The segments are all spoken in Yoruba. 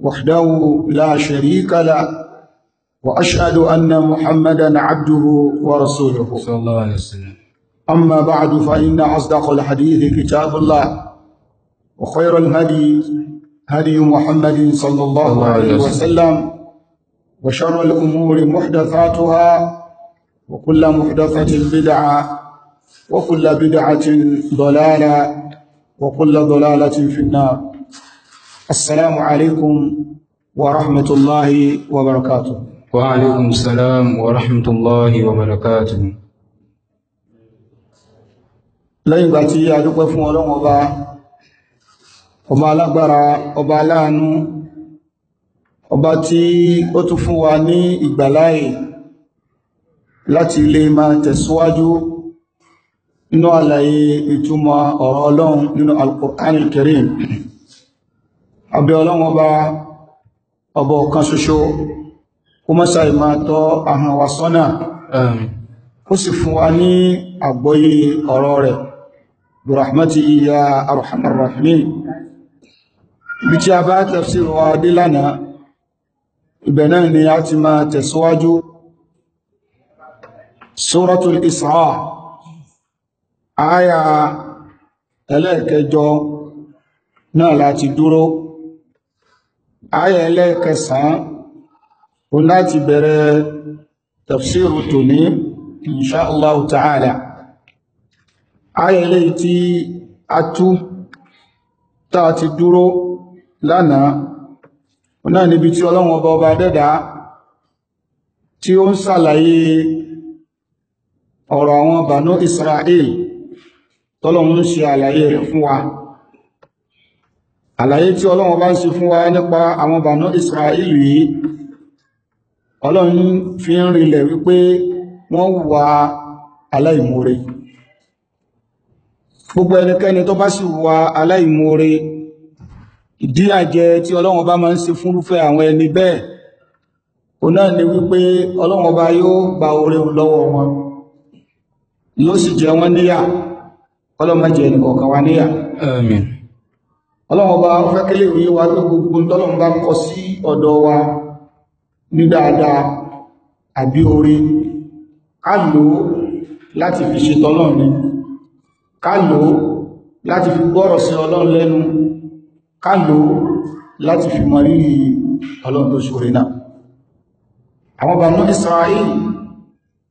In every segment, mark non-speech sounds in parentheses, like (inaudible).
وحده لا شريك له وأشهد أن محمدا عبده ورسوله صلى الله عليه وسلم أما بعد فإن أصدق الحديث كتاب الله وخير الهدي هدي محمد صلى الله عليه وسلم وشر الأمور محدثاتها وكل محدثة بدعة وكل بدعة ضلالة وكل ضلالة في النار السلام عليكم ورحمة الله وبركاته وعليكم السلام ورحمة الله وبركاته lẹ́yìn ìgbà tí a dúpẹ́ fún ọlọ́run ọba ọba alágbára ọba aláàánú ọba tí ó tún fún wa ní ìgbàláyè láti lè máa tẹ̀síwájú nínú àlàyé ìtumọ̀ ọ̀rọ̀ ọlọ́run nínú Al-Qur'an abẹ́ ọlọ́run ọba ọba ọ̀kan ṣoṣo kó mọ́sá ìmá tọ́ àwọn wa sọ́nà ó sì fún wa ní àgbọ́yé ọ̀rọ̀ rẹ̀ burahmati ya arhamar rahimin ibi tí a bá tafsir náà láti dúró ayẹ ẹlẹ́ẹ̀kẹsàn-án o láti bẹ̀rẹ̀ tafsiru tòní insha Allah ta'ala ayẹ ilé tí a tú tá a ti dúró lánàá o náà níbi tí ọlọ́wọ́n ọba ọba dẹ́dà tí ó ń sàlàyé ọ̀rọ̀ àwọn Banu Israel tọ́lọ́run ń àlàyé tí ọlọ́run bá ń ṣe fún wa nípa àwọn bànú Israeli yìí ọlọ́run fi ń rinlẹ̀ wípé wọ́n wà aláìmoore gbogbo ẹnikẹ́ni tó bá sì wà aláìmoore ìdíyàjẹ tí ọlọ́run bá máa ń ṣe fúnrúfẹ́ àwọn ẹni bẹ́ẹ̀ o náà ni wípé ọlọ́run bá yóò gba oore lọ́wọ́ wọn yóò sì jẹ wọ́n níyà ọlọ́run má jẹ ẹnìkọ̀ọ̀kan wa níyà ọlọ́ọ̀bá fẹ́kẹ́lẹ̀ òye wa ní gbogbo tọ́lọ̀n bá kọ sí ọ̀dọ̀ wa ní dáadáa àbí orí ká lò láti fi ṣe tọ́lọ̀n ni ká lò láti fi gbọ́rọ̀ sí ọlọ́run lẹ́nu ká lò láti fi mọ̀ rírì ọlọ́run tó ṣòrí náà àwọn bàmú Israel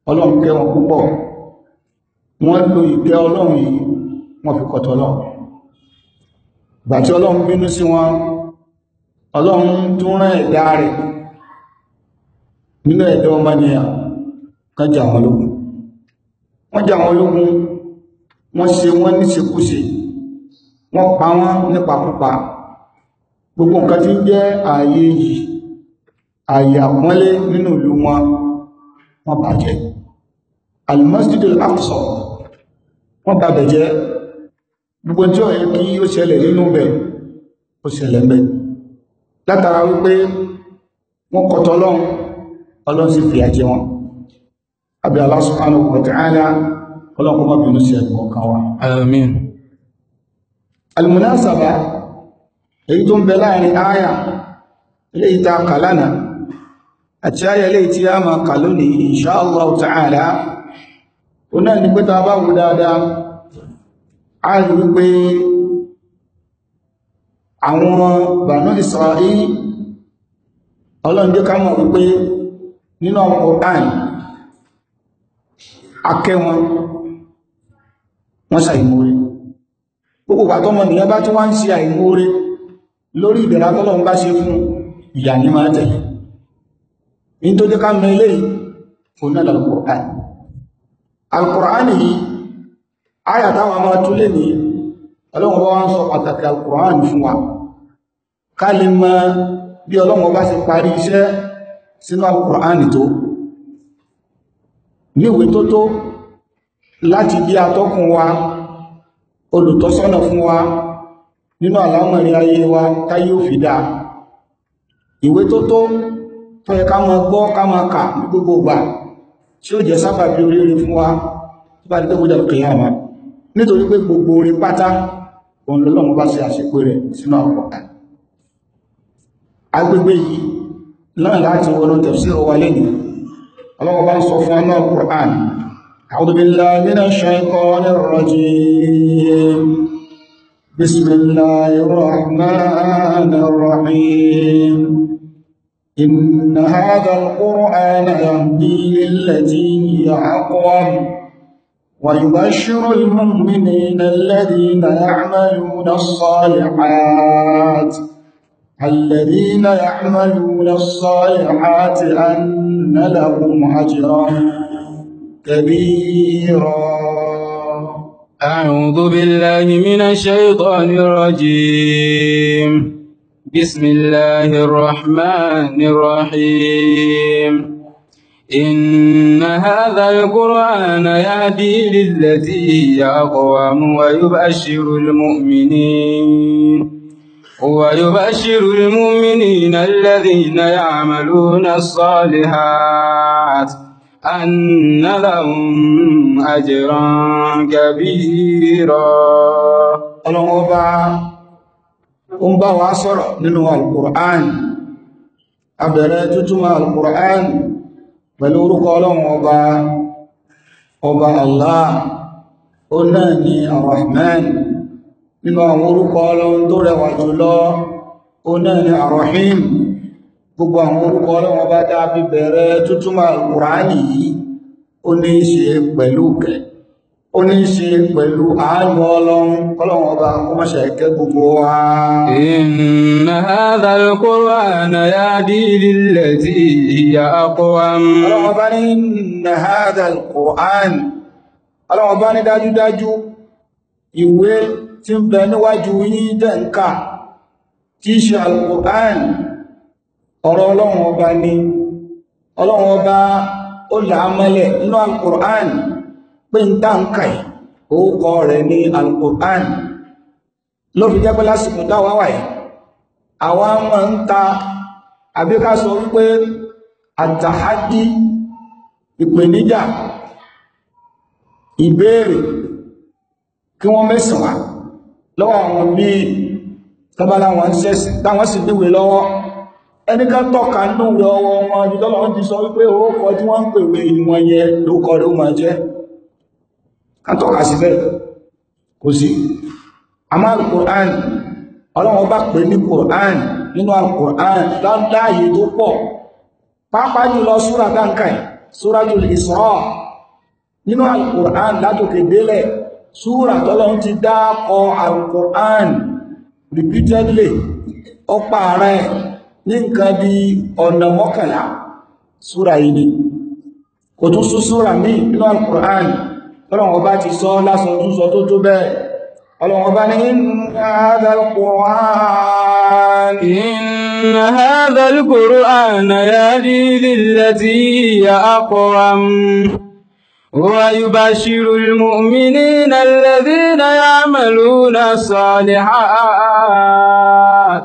ọlọ́run kẹ́ wọn púpọ̀ wọ́n lo ìkẹ́ ọlọ́run yìí wọ́n fi kọ̀tọ̀ ọlọ́run ìgbà tí ọlọ́run bínú sí wọn ọlọ́run tó rán ẹ̀dá rẹ̀ nínú ẹ̀dá ọmọnìyàn kan jà wọn lógun wọ́n jà wọn lógun wọ́n ṣe wọ́n níṣekúṣe wọ́n pa wọ́n nípakúpa gbogbo nǹkan tí ń jẹ́ ààyè yìí ààyè àpọ́nlé nínú ìlú wọn wọ́n bàjẹ́ al-Masjid al-Aqsa wọ́n bàbẹ̀ jẹ́ gbogbo tí ó yẹ kí ó ṣẹlẹ̀ nínú bẹ̀ ó ṣẹlẹ̀ bẹ̀ látara wípé wọ́n kọ̀tọ̀ ọlọ́run ọlọ́run sì fìyà jẹ wọn àbí Allah subhanahu wa ọlọ́run sí ẹ̀kọ́ kan wa èyí tó ń bẹ láàrin eléyìí kà lánàá àti eléyìí tí a máa kà lónìí ta bá wù dáadáa a rí wípé àwọn Banu Isra'il ọlọ́njẹ́ ká mọ̀ wípé nínú àwọn Qur'an akẹ́ wọn wọ́n ṣàìmóre gbogbo pàtọ́mọ̀ nìyàn bá tí wọ́n ń ṣe àìmóre lórí ìbẹ̀rẹ̀ atọ́lọ́run bá ṣe fún ìyà ní máa tẹ̀lé ní tó jẹ́ ká mọ fún náà lọ́pọ̀ al yìí Aya táwọn ọmọ túlé ní ọlọ́run bá wọ́n sọ pàtàkì al fún wa. Ká lè mọ bí ọlọ́run bá ṣe parí iṣẹ́ sínú al tó. Níwèé tó tó láti bí atọ́kùn wa, olùtọ́sọ́nà fún wa nínú àlámọ̀rí ayé wa táyé ò fi dáa. Ìwé tó tó tó yẹ ká máa gbọ́ ká máa kà ní gbogbo ìgbà tí ó jẹ́ sábàbí oríire fún wa tó bá dé tó kìí àmà nítorí pé gbogbo orin pátá òun lọ́lọ́run bá ṣe àṣepé rẹ̀ sínú àpọ̀ká agbègbè yìí náà láti wọnú tafsir wa lẹ́nu ọlọ́wọ́ bá ń sọ fún ọmọ Qur'an أعوذ بالله من الشيطان الرجيم بسم الله الرحمن الرحيم إن هذا القرآن يهدي للتي هي ويبشر المؤمنين الذين يعملون الصالحات الذين يعملون الصالحات أن لهم أجرا كبيرا أعوذ بالله من الشيطان الرجيم بسم الله الرحمن الرحيم إن هذا القرآن يهدي للتي هي أقوام ويبشر المؤمنين ويبشر المؤمنين الذين يعملون الصالحات أن لهم أجرا كبيرا ọlọ́run ọba ó القرآن bá wa sọ̀rọ̀ القرآن pẹ̀lú orúkọ ọlọ́run ọba ọba Allah ó náà ni Ar-Rahman nínú àwọn orúkọ ọlọ́run tó rẹwà jùlọ ó náà ni ar gbogbo àwọn orúkọ ọlọ́run ọba dábí bẹ̀rẹ̀ tútúmọ̀ al yìí ó ní í ṣe pẹ̀lú kẹ̀ẹ́ ó ní ṣe pẹ̀lú àánú ọlọ́run kọ́lọ̀wọ̀n ọba ọmọṣẹ̀ ẹ̀kẹ́ gbogbo wa. inna hadha al-Qur'ana yahdi lillati hiya aqwam. ọlọ́wọ̀n ọba ní inna hadha al-Qur'an ọlọ́wọ̀n ọba ní dájúdájú ìwé tí ń bẹ níwájú yín dẹ̀ǹkà tí ṣe al-Qur'an ọ̀rọ̀ ọlọ́wọ̀n ọba ní ọlọ́wọ̀n ọba ó làámọ́lẹ̀ nínú al-Qur'an pé ń tá ń kà yìí orúkọ rẹ̀ ní alukur'an ló fi jẹ́ pé lásìkò táwa wà yìí àwa máa ń ta àbí ká sọ wípé àtàhádí ìpèníjà ìbéèrè kí wọ́n mẹ́sàn wá lọ́wọ́ àwọn bí tọ́bálá wọn sẹ́sì táwọn sì díwẹ̀ lọ́wọ́ ẹnikẹ́ tọ́ka ní ọwọ́ wọn jùlọ wọn ti sọ wípé orúkọ tí wọ́n ń pèwé ìwọ̀nyẹ lókọ̀ ló jẹ́ kátọ́ka sí bẹ́ẹ̀ kò sí àmọ́ alukur'an ọlọ́run bá pè ní Quran. nínú alukur'an láàyè tó pọ̀ pàápàá jùlọ súra dáńkà Suratul Isra nínú alukur'an látòkè délẹ̀ súra tọ́lọ́run ti dákọ alukur'an repeatedly ọpa rẹ̀ ní nǹkan bí ọ̀nà mọ́kànlá súra yìí ni kò tún sú súra míì nínú alukur'an ọlọ́run ọba ti sọ lásán tún sọ tó tó bẹ́ẹ̀ ọlọ́run ọba ní inna hadha al-Qur'an inna hadha al-Qur'an yahdi lillati hiya aqwam ويبشر المؤمنين الذين يعملون الصالحات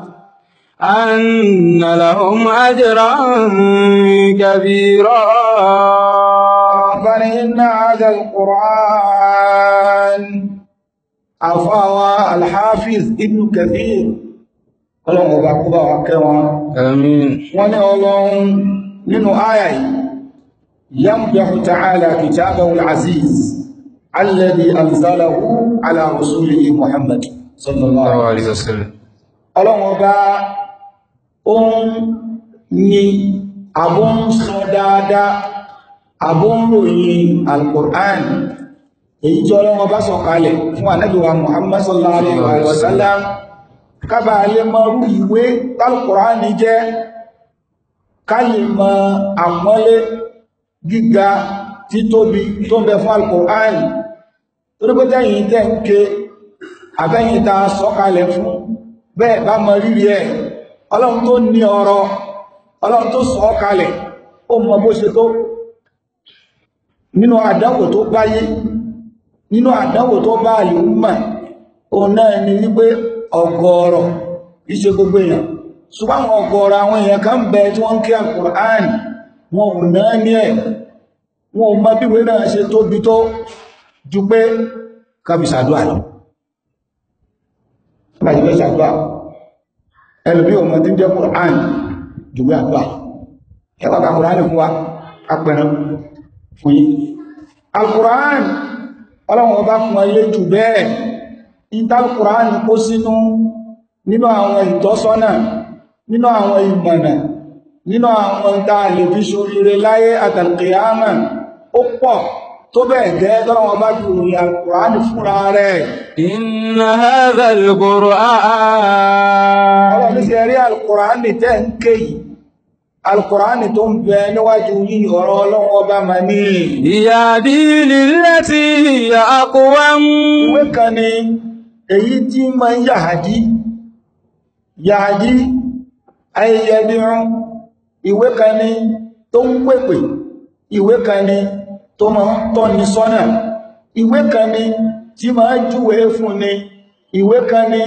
أن لهم أجرا كبيرا أفنهن هذا القرآن أفوى الحافظ ابن كثير ọlọ́run ọba kó bá wa kẹ́ wọn wọ́n ní ọlọ́run nínú àyà yìí yamdahu ta'ala kitabahu al-aziz alladhi anzalahu ala rasulihi muhammad sallallahu alaihi wasallam ọlọ́run ọba ó ń yin àbọ̀ ń sọ dáadáa abúròyìn alkùrán èyí tí ọlọ́wọ́ bá sọ kalẹ̀ fún ànábìwà muhammad sallallahu alaihi wa sallam kábà lè mọ rú ìwé alkùrán jẹ́ ká lè mọ àpọ́nlé gíga títóbi tó ń bẹ fún alkùrán torípótẹ́ yìí tẹ́ ń ké àbẹ́yìn ta sọ kalẹ̀ fún bẹ́ẹ̀ bá mọ rírì ẹ̀ ọlọ́run tó ní ọ̀rọ̀ ọlọ́run tó sọ kalẹ̀ ó mọ bó ṣe tó nínú àdánwò tó báyé nínú àdánwò tó bá àyò mọ̀ òun náà ni wípé ọ̀gọ̀ọ̀rọ̀ iṣẹ́ gbogbo èèyàn ṣùgbọ́n ọ̀gọ̀ọ̀rọ̀ àwọn èèyàn kan bẹ tí wọ́n kí Al-Qur'an wọn ò náà ní ẹ̀ wọn ò mọ bíwé náà ṣe tóbi tó ju pé kàbìsàdúà lọ ẹlùmí ọmọ tí jẹ́ Qur'an ju pé àdúà ẹ̀kọ́ kàkùránì fún wa apẹran fún yí alkùrán ọlọ́run ọba fún ayé jù bẹ́ẹ̀ Quran, kó sínú nínú àwọn ìtọ́sọ́nà nínú àwọn ìmọ̀nà nínú àwọn ìta àlèbí ṣoríire láyé àtàlkìyàmà ó pọ̀ tó bẹ́ẹ̀ gẹ́ lọ́wọ́ bá bí òun alkùrán inna hadha alkùrán ọlọ́run sí ẹ̀rí alkùrán tẹ́ ń kéyìí alkùránì tó ń bẹ níwájú yìí ọ̀rọ̀ ọlọ́pọ̀ bá ma ní ìyàdí lílẹ́tí ìyà akọwà ń wé kan ni èyí tí ma ń yàhàdí yàhàdí ayẹyẹbírún ìwé kan ni tó ń pèpè ìwé kan ni tó ma ń tọ́ni sọ́nà ìwé kan ni tí ma ń júwèé fún ni ìwé kan ni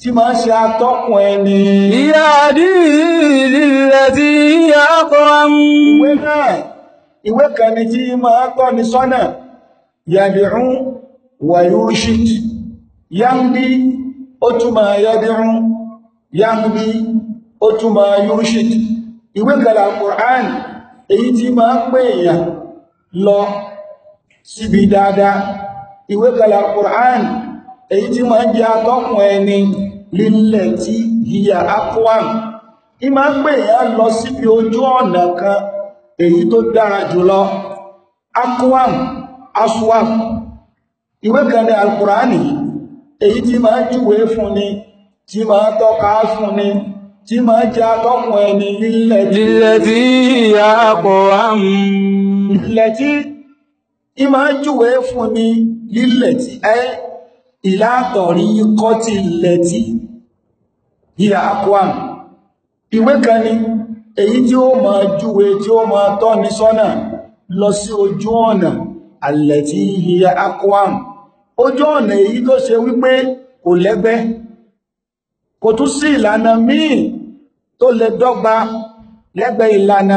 tí máa ṣe atọ́kùn ẹni. Ìyá àdílẹ̀ tí ìyá ọkọ̀ọ́ mú. Ìwé náà, ìwé kan ni tí máa tọ́ ni sọ́nà, yàdìrún wà yóò ṣít, yáǹdí ó túnmà yàdìrún, yáǹdí ó túnmà yóò ṣít. Ìwé kàlà Kùrán èyí tí máa pè èèyàn lọ síbi dáadáa. Ìwé kàlà Kùrán èyí tí máa jẹ́ atọ́kùn ẹni lílẹ̀ tí hiya akwam ní máa ń pè yá lọ síbi ojú ọ̀nà kan èyí tó dára jùlọ akwam aswam ìwé kan ní alkùránì èyí tí máa júwé fún ni tí máa tọ́ka fún ni tí máa jẹ́ atọ́kùn ẹni lílẹ̀ tí hiya akwam lílẹ̀ tí ìmáa fún ni lílẹ̀ tí ẹ́ ìlàtọ̀rí kọ́tí lẹ́tí ìyà akwam ìwé kan ni èyí tí ó máa júwe tí ó tọ́ ní sọ́nà lọ sí ojú ọ̀nà àlẹ̀tí ìyà akwam ojú ọ̀nà èyí tó ṣe wípé kò lẹ́gbẹ́ kò tún sí ìlànà míì tó lè dọ́gba lẹ́gbẹ́ ìlànà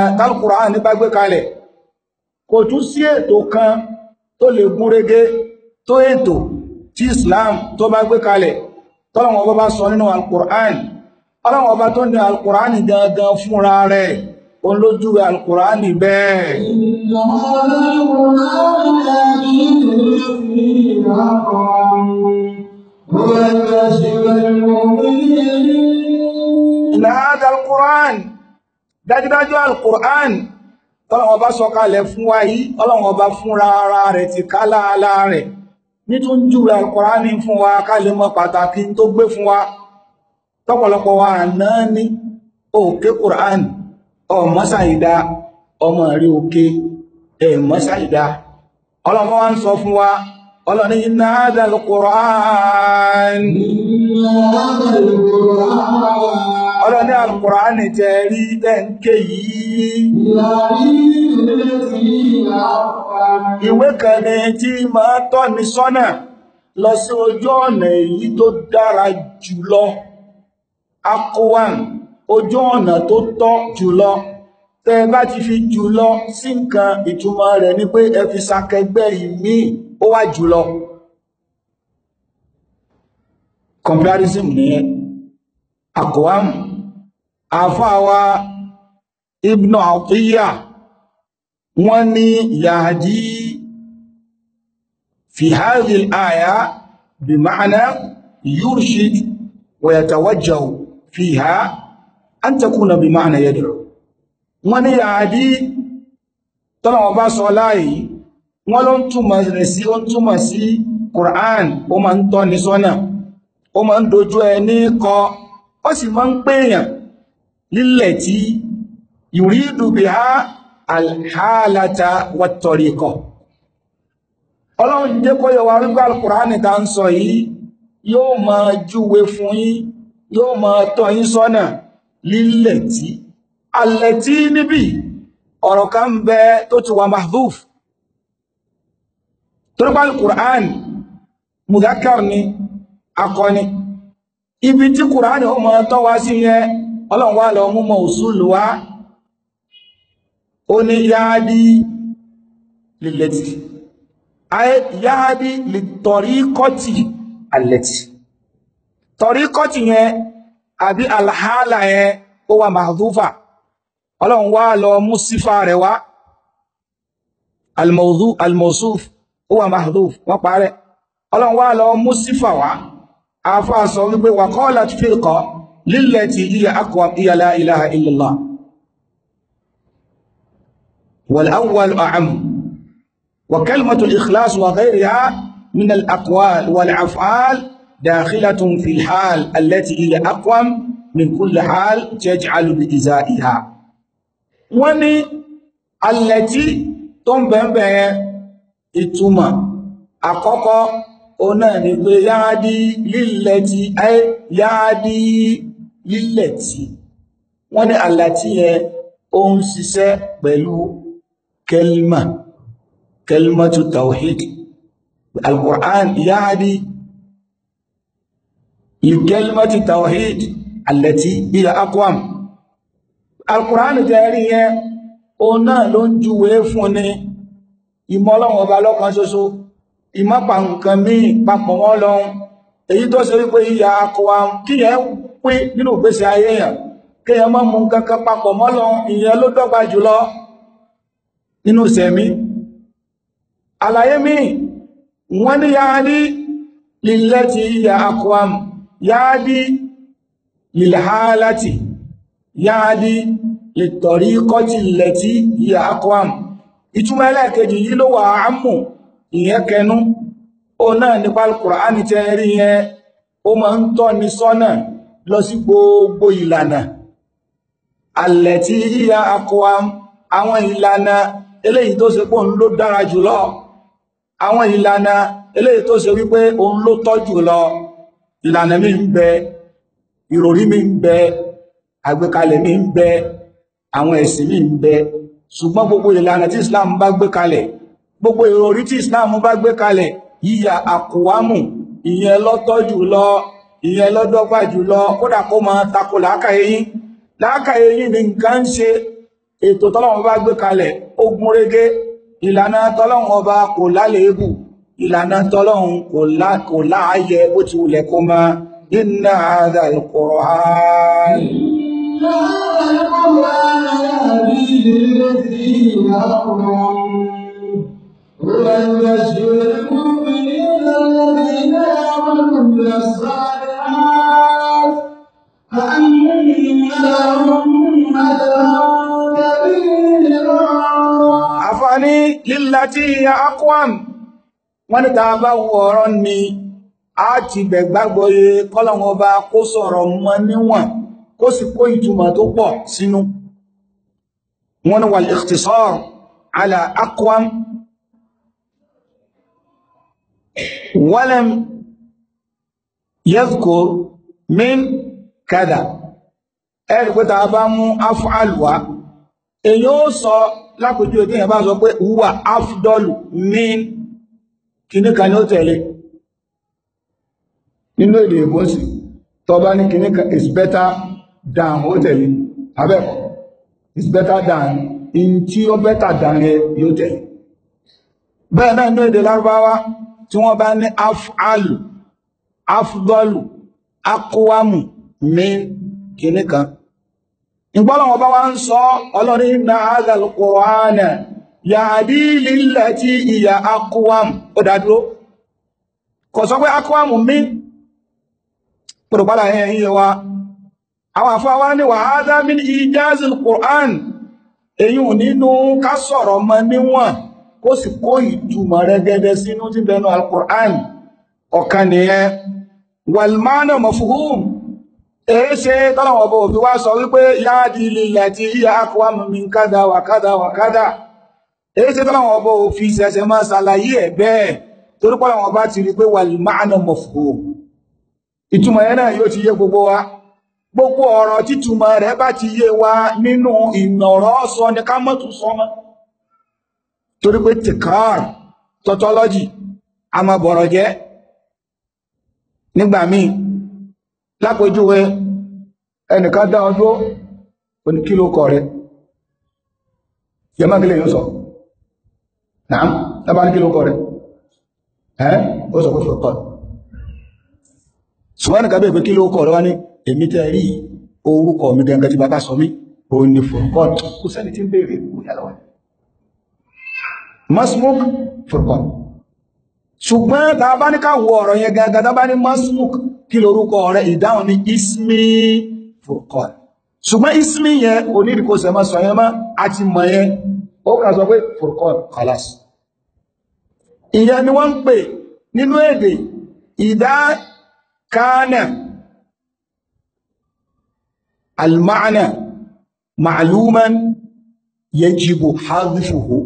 kalẹ̀ kò tún sí ètò kan tó lè tí Islam tó bá gbé kalẹ̀ tọ́lọ̀wọ̀n ọba bá sọ nínú Al-Qur'an ọlọ́wọ̀n ọba tó ní Al-Qur'an gangan fúnra rẹ̀ olójú Al-Qur'an bẹ́ẹ̀ láàdá Al-Qur'an dájúdájú Al-Qur'an tọ́lọ̀wọ̀n ọba sọ kalẹ̀ fún wa yìí ọlọ́wọ̀n ọba fúnra rẹ̀ ti kálá rẹ̀ ní tó ń júwe alkùránì fún wa ká lè mọ̀ pàtàkì tó gbé fún wa tọ́pọ̀lọpọ̀ wa àná ní òkè kùránì ọmọ sàìdá ọmọ rí òkè ẹ̀mọ sàìdá ọlọ́mọ wa ń sọ fún wa ọlọ́ni iná àdàlù kùránì Ìwé kan ni tí máa tọ́ni sọ́nà lọ sí ojú ọ̀nà èyí tó dára jùlọ. Akọwàn, ojú ọ̀nà tó tọ́ jùlọ. Tẹ bá ti fi jùlọ sí nǹkan ìtumọ̀ rẹ̀ ni pé ẹ fi sakẹgbẹ́ ìmí ó wà jùlọ. Comparison nìyẹn. Akọwàn, àfáà wa Ibn Atiyah wọ́n ní yahdi fi hadhihi al-aya bi ma'na yurshid wa yatawajjahu fiha an takuna bi ma'na yad'u wọ́n ní yahdi tọ́nà ọba sọ láàyè wọ́n ló ń túmọ̀ rẹ̀ sí ó ń túmọ̀ sí Qur'an ó máa ń tọ́ ní sọ́nà ó máa ń dojú ẹni kọ ó sì máa ń pèèyàn lílẹ̀ tí yuridu biha alhálàtà wàtọ̀ríkọ̀ ọlọ́run jẹ́ kó yọ wa wípé alkùránì ta ń sọ yìí yóò máa júwe fún yín yóò máa tọ́ yín sọ́nà lílẹ̀tí alẹ̀tí níbi ọ̀rọ̀ kan bẹ tó ti wà ni akọni ibi tí kùránì ó ma tọ́ wá sí yẹn ọlọ́run wá ó ní yáádí lílẹ̀tì ayé yáádí lè tọ̀rí kọ́tì alẹ́tì tọ̀rí kọ́tì yẹn àbí alhálà yẹn ó wà mahdufa ọlọ́run wá lọ mú sífà rẹ̀ wá almawdhu almawsuf ó wà mahdhuf wọ́n parẹ́ ọlọ́run wá lọ mú sífà wá àfáà sọ wípé waqalat firqa lillati hiya aqwam hiya la ilaha illallah والأول أعم وكلمة الإخلاص وغيرها من الأقوال والعفعال داخلة في الحال التي هي أقوم من كل حال تجعل بإزائها وني التي تنبه إتما أقوق أناني بيادي للتي أي يادي للتي وني التي هي أنسسة بلو kẹlmà kẹlmà tu tawhid al-Qur'an yáàdí ìkẹlmà tu tawhid alẹ́tí ilẹ̀ akwam al-Qur'an tẹ́rí yẹn o náà ló ń juwé fún ni ìmọ̀ Ọlọ́run ọba lọ́kan ṣoṣo ìmọ̀pà nǹkan míì papọ̀ wọn lọ́hun èyí tó ṣe wípé ìyà akọwa kíyẹ pín nínú ìgbésí ayé yẹn kíyẹ mọ́ mú nǹkan kan papọ̀ mọ́ Ọlọ́hun ìyẹn ló dọ́gba jùlọ nínú ìsẹ̀mí àlàyé mi wọ́n ní yáadí ya hiya aqwam yáadí lilhalati yáadí littariqati allati hiya aqwam ìtumọ̀ ẹlẹ́ẹ̀kejì yìí ló wà ámù ìyẹn kẹnu ó náà nípa al tẹ́ rí yẹn ó máa ń tọ́ ni sọ́nà lọ sí gbogbo ìlànà àwọn ìlànà eléyìí tó ṣe pé òun ló dára jùlọ àwọn ìlànà eléyìí tó ṣe wípé òun ló tọ́ jùlọ ìlànà mi ń bẹ ìròrí mi ń bẹ àgbékalẹ̀ mi ń bẹ àwọn ẹ̀sìn mi ń bẹ ṣùgbọ́n gbogbo ìlànà tí Islam bá gbé kalẹ̀ gbogbo ìròrí tí Islam bá gbé kalẹ̀ yíya àkùwámù ìyẹn lọ́tọ́ jùlọ ìyẹn lọ́dọ́gba jùlọ kódà kó máa takò láàkà eyín láàkà eyín ni nǹkan ń ṣe ètò tọ́lọ́wọ́n bá gbé kalẹ̀ ogun gún ìlànà tọ́lọ́wọ́n ọba kò lálẹ́ébù ìlànà tọ́lọ́wọ́n kò láàyè bó ti wulẹ̀ kó mọ́ iná àdá ìkọ̀rọ̀ فأما ní lílàtí akwam wọ́n ní tàà bá wo ọ̀rọ̀ ni a ti gbẹ̀gbàgbọ́ ye kọ́lọ̀wọ́n bá kó sọ̀rọ̀ mọ́ níwọ̀n kó sì kó ìtumọ̀ tó pọ̀ sínú wọ́n ní wal ikhtisar ala akwam bá mú afọ́ àlùwá èyí ó sọ lápòjú ètò yẹn bá sọ pé wà áfdọ́lù ní kìníkà ní ó tẹ̀lé nínú èdè ìbò sí tọba ní kìníkà is better than ó tẹ̀lé abẹ́kọ̀ is better than in tí ó better than rẹ yóò tẹ̀lé bẹ́ẹ̀ náà nínú èdè lárúbáwá tí wọ́n bá ní af'alu afdọ́lù akọwàmù ní kìníkà ìgbọ́lọ̀wọ́ bá wá ń sọ ọlọ́rin na azal kòránà ya àdílì láti ìyà akwam ó dádúró kò sọ pé akwam mi pẹ̀lúpàdà ẹ̀yìn yíwa àwọn àfáwá ní wà ádá min ìjáàzìl èyí ò nínú ká sọ̀rọ̀ mọ́ níwọ̀n kó sì kó ìtumọ̀ rẹ̀gẹ̀dẹ̀ sínú tí bẹnu alkùrán ọ̀kan nìyẹn wàlmánà mọ̀fúhùm èéṣe tọ́lọ̀wọ̀ bó fi wá sọ wípé yáàdì ilẹ̀ tí yíya akọwà mọ̀mí kádà wàkádà wàkádà èéṣe tọ́lọ̀wọ̀ bó fi ṣẹ̀ṣẹ̀ máa ṣàlàyé ẹ̀ bẹ́ẹ̀ torípọ́lọ̀wọ̀ bá ti rí pé wà lìmáàna mọ̀fò ìtumọ̀ yẹn náà yóò ti yé gbogbo wa gbogbo ọ̀rọ̀ títúmọ̀ rẹ̀ bá ti wa nínú sọ ni ká mọ́ torí pé tọ́tọ́lọ́jì míì lápèjúwe ẹnìkan dá ọdún oní kí ló kọ rẹ yẹmọ́ kí lè yóò sọ náà lábá ní kí ló kọ rẹ ẹ́ ó sọ pé fún ọkọ ṣùgbọ́n nìkan bẹ́ẹ̀ pé kí ló kọ rẹ wá ní èmi tẹ́ rí orúkọ mi gẹ́gẹ́ tí bàbá sọ mí ó ní furqan kò sẹ́ni tí ń béèrè ìlú masmuk furqan ṣùgbọ́n tá a bá ní ká wọ ọ̀rọ̀ yẹn gẹ́gẹ́ tá ní masmuk kí lorúkọ rẹ̀ ìdáhùn ní ismi Furqan ṣùgbọ́n ismi yẹn onídìkò sẹ́mọ́ sọ yẹn mọ́ àti mọ̀ yẹn ó kà sọ pé Furqan khalas ìyẹn ni wọ́n ń pè nínú èdè ìdá kánà al-ma'na ma'luman yajibu hadfuhu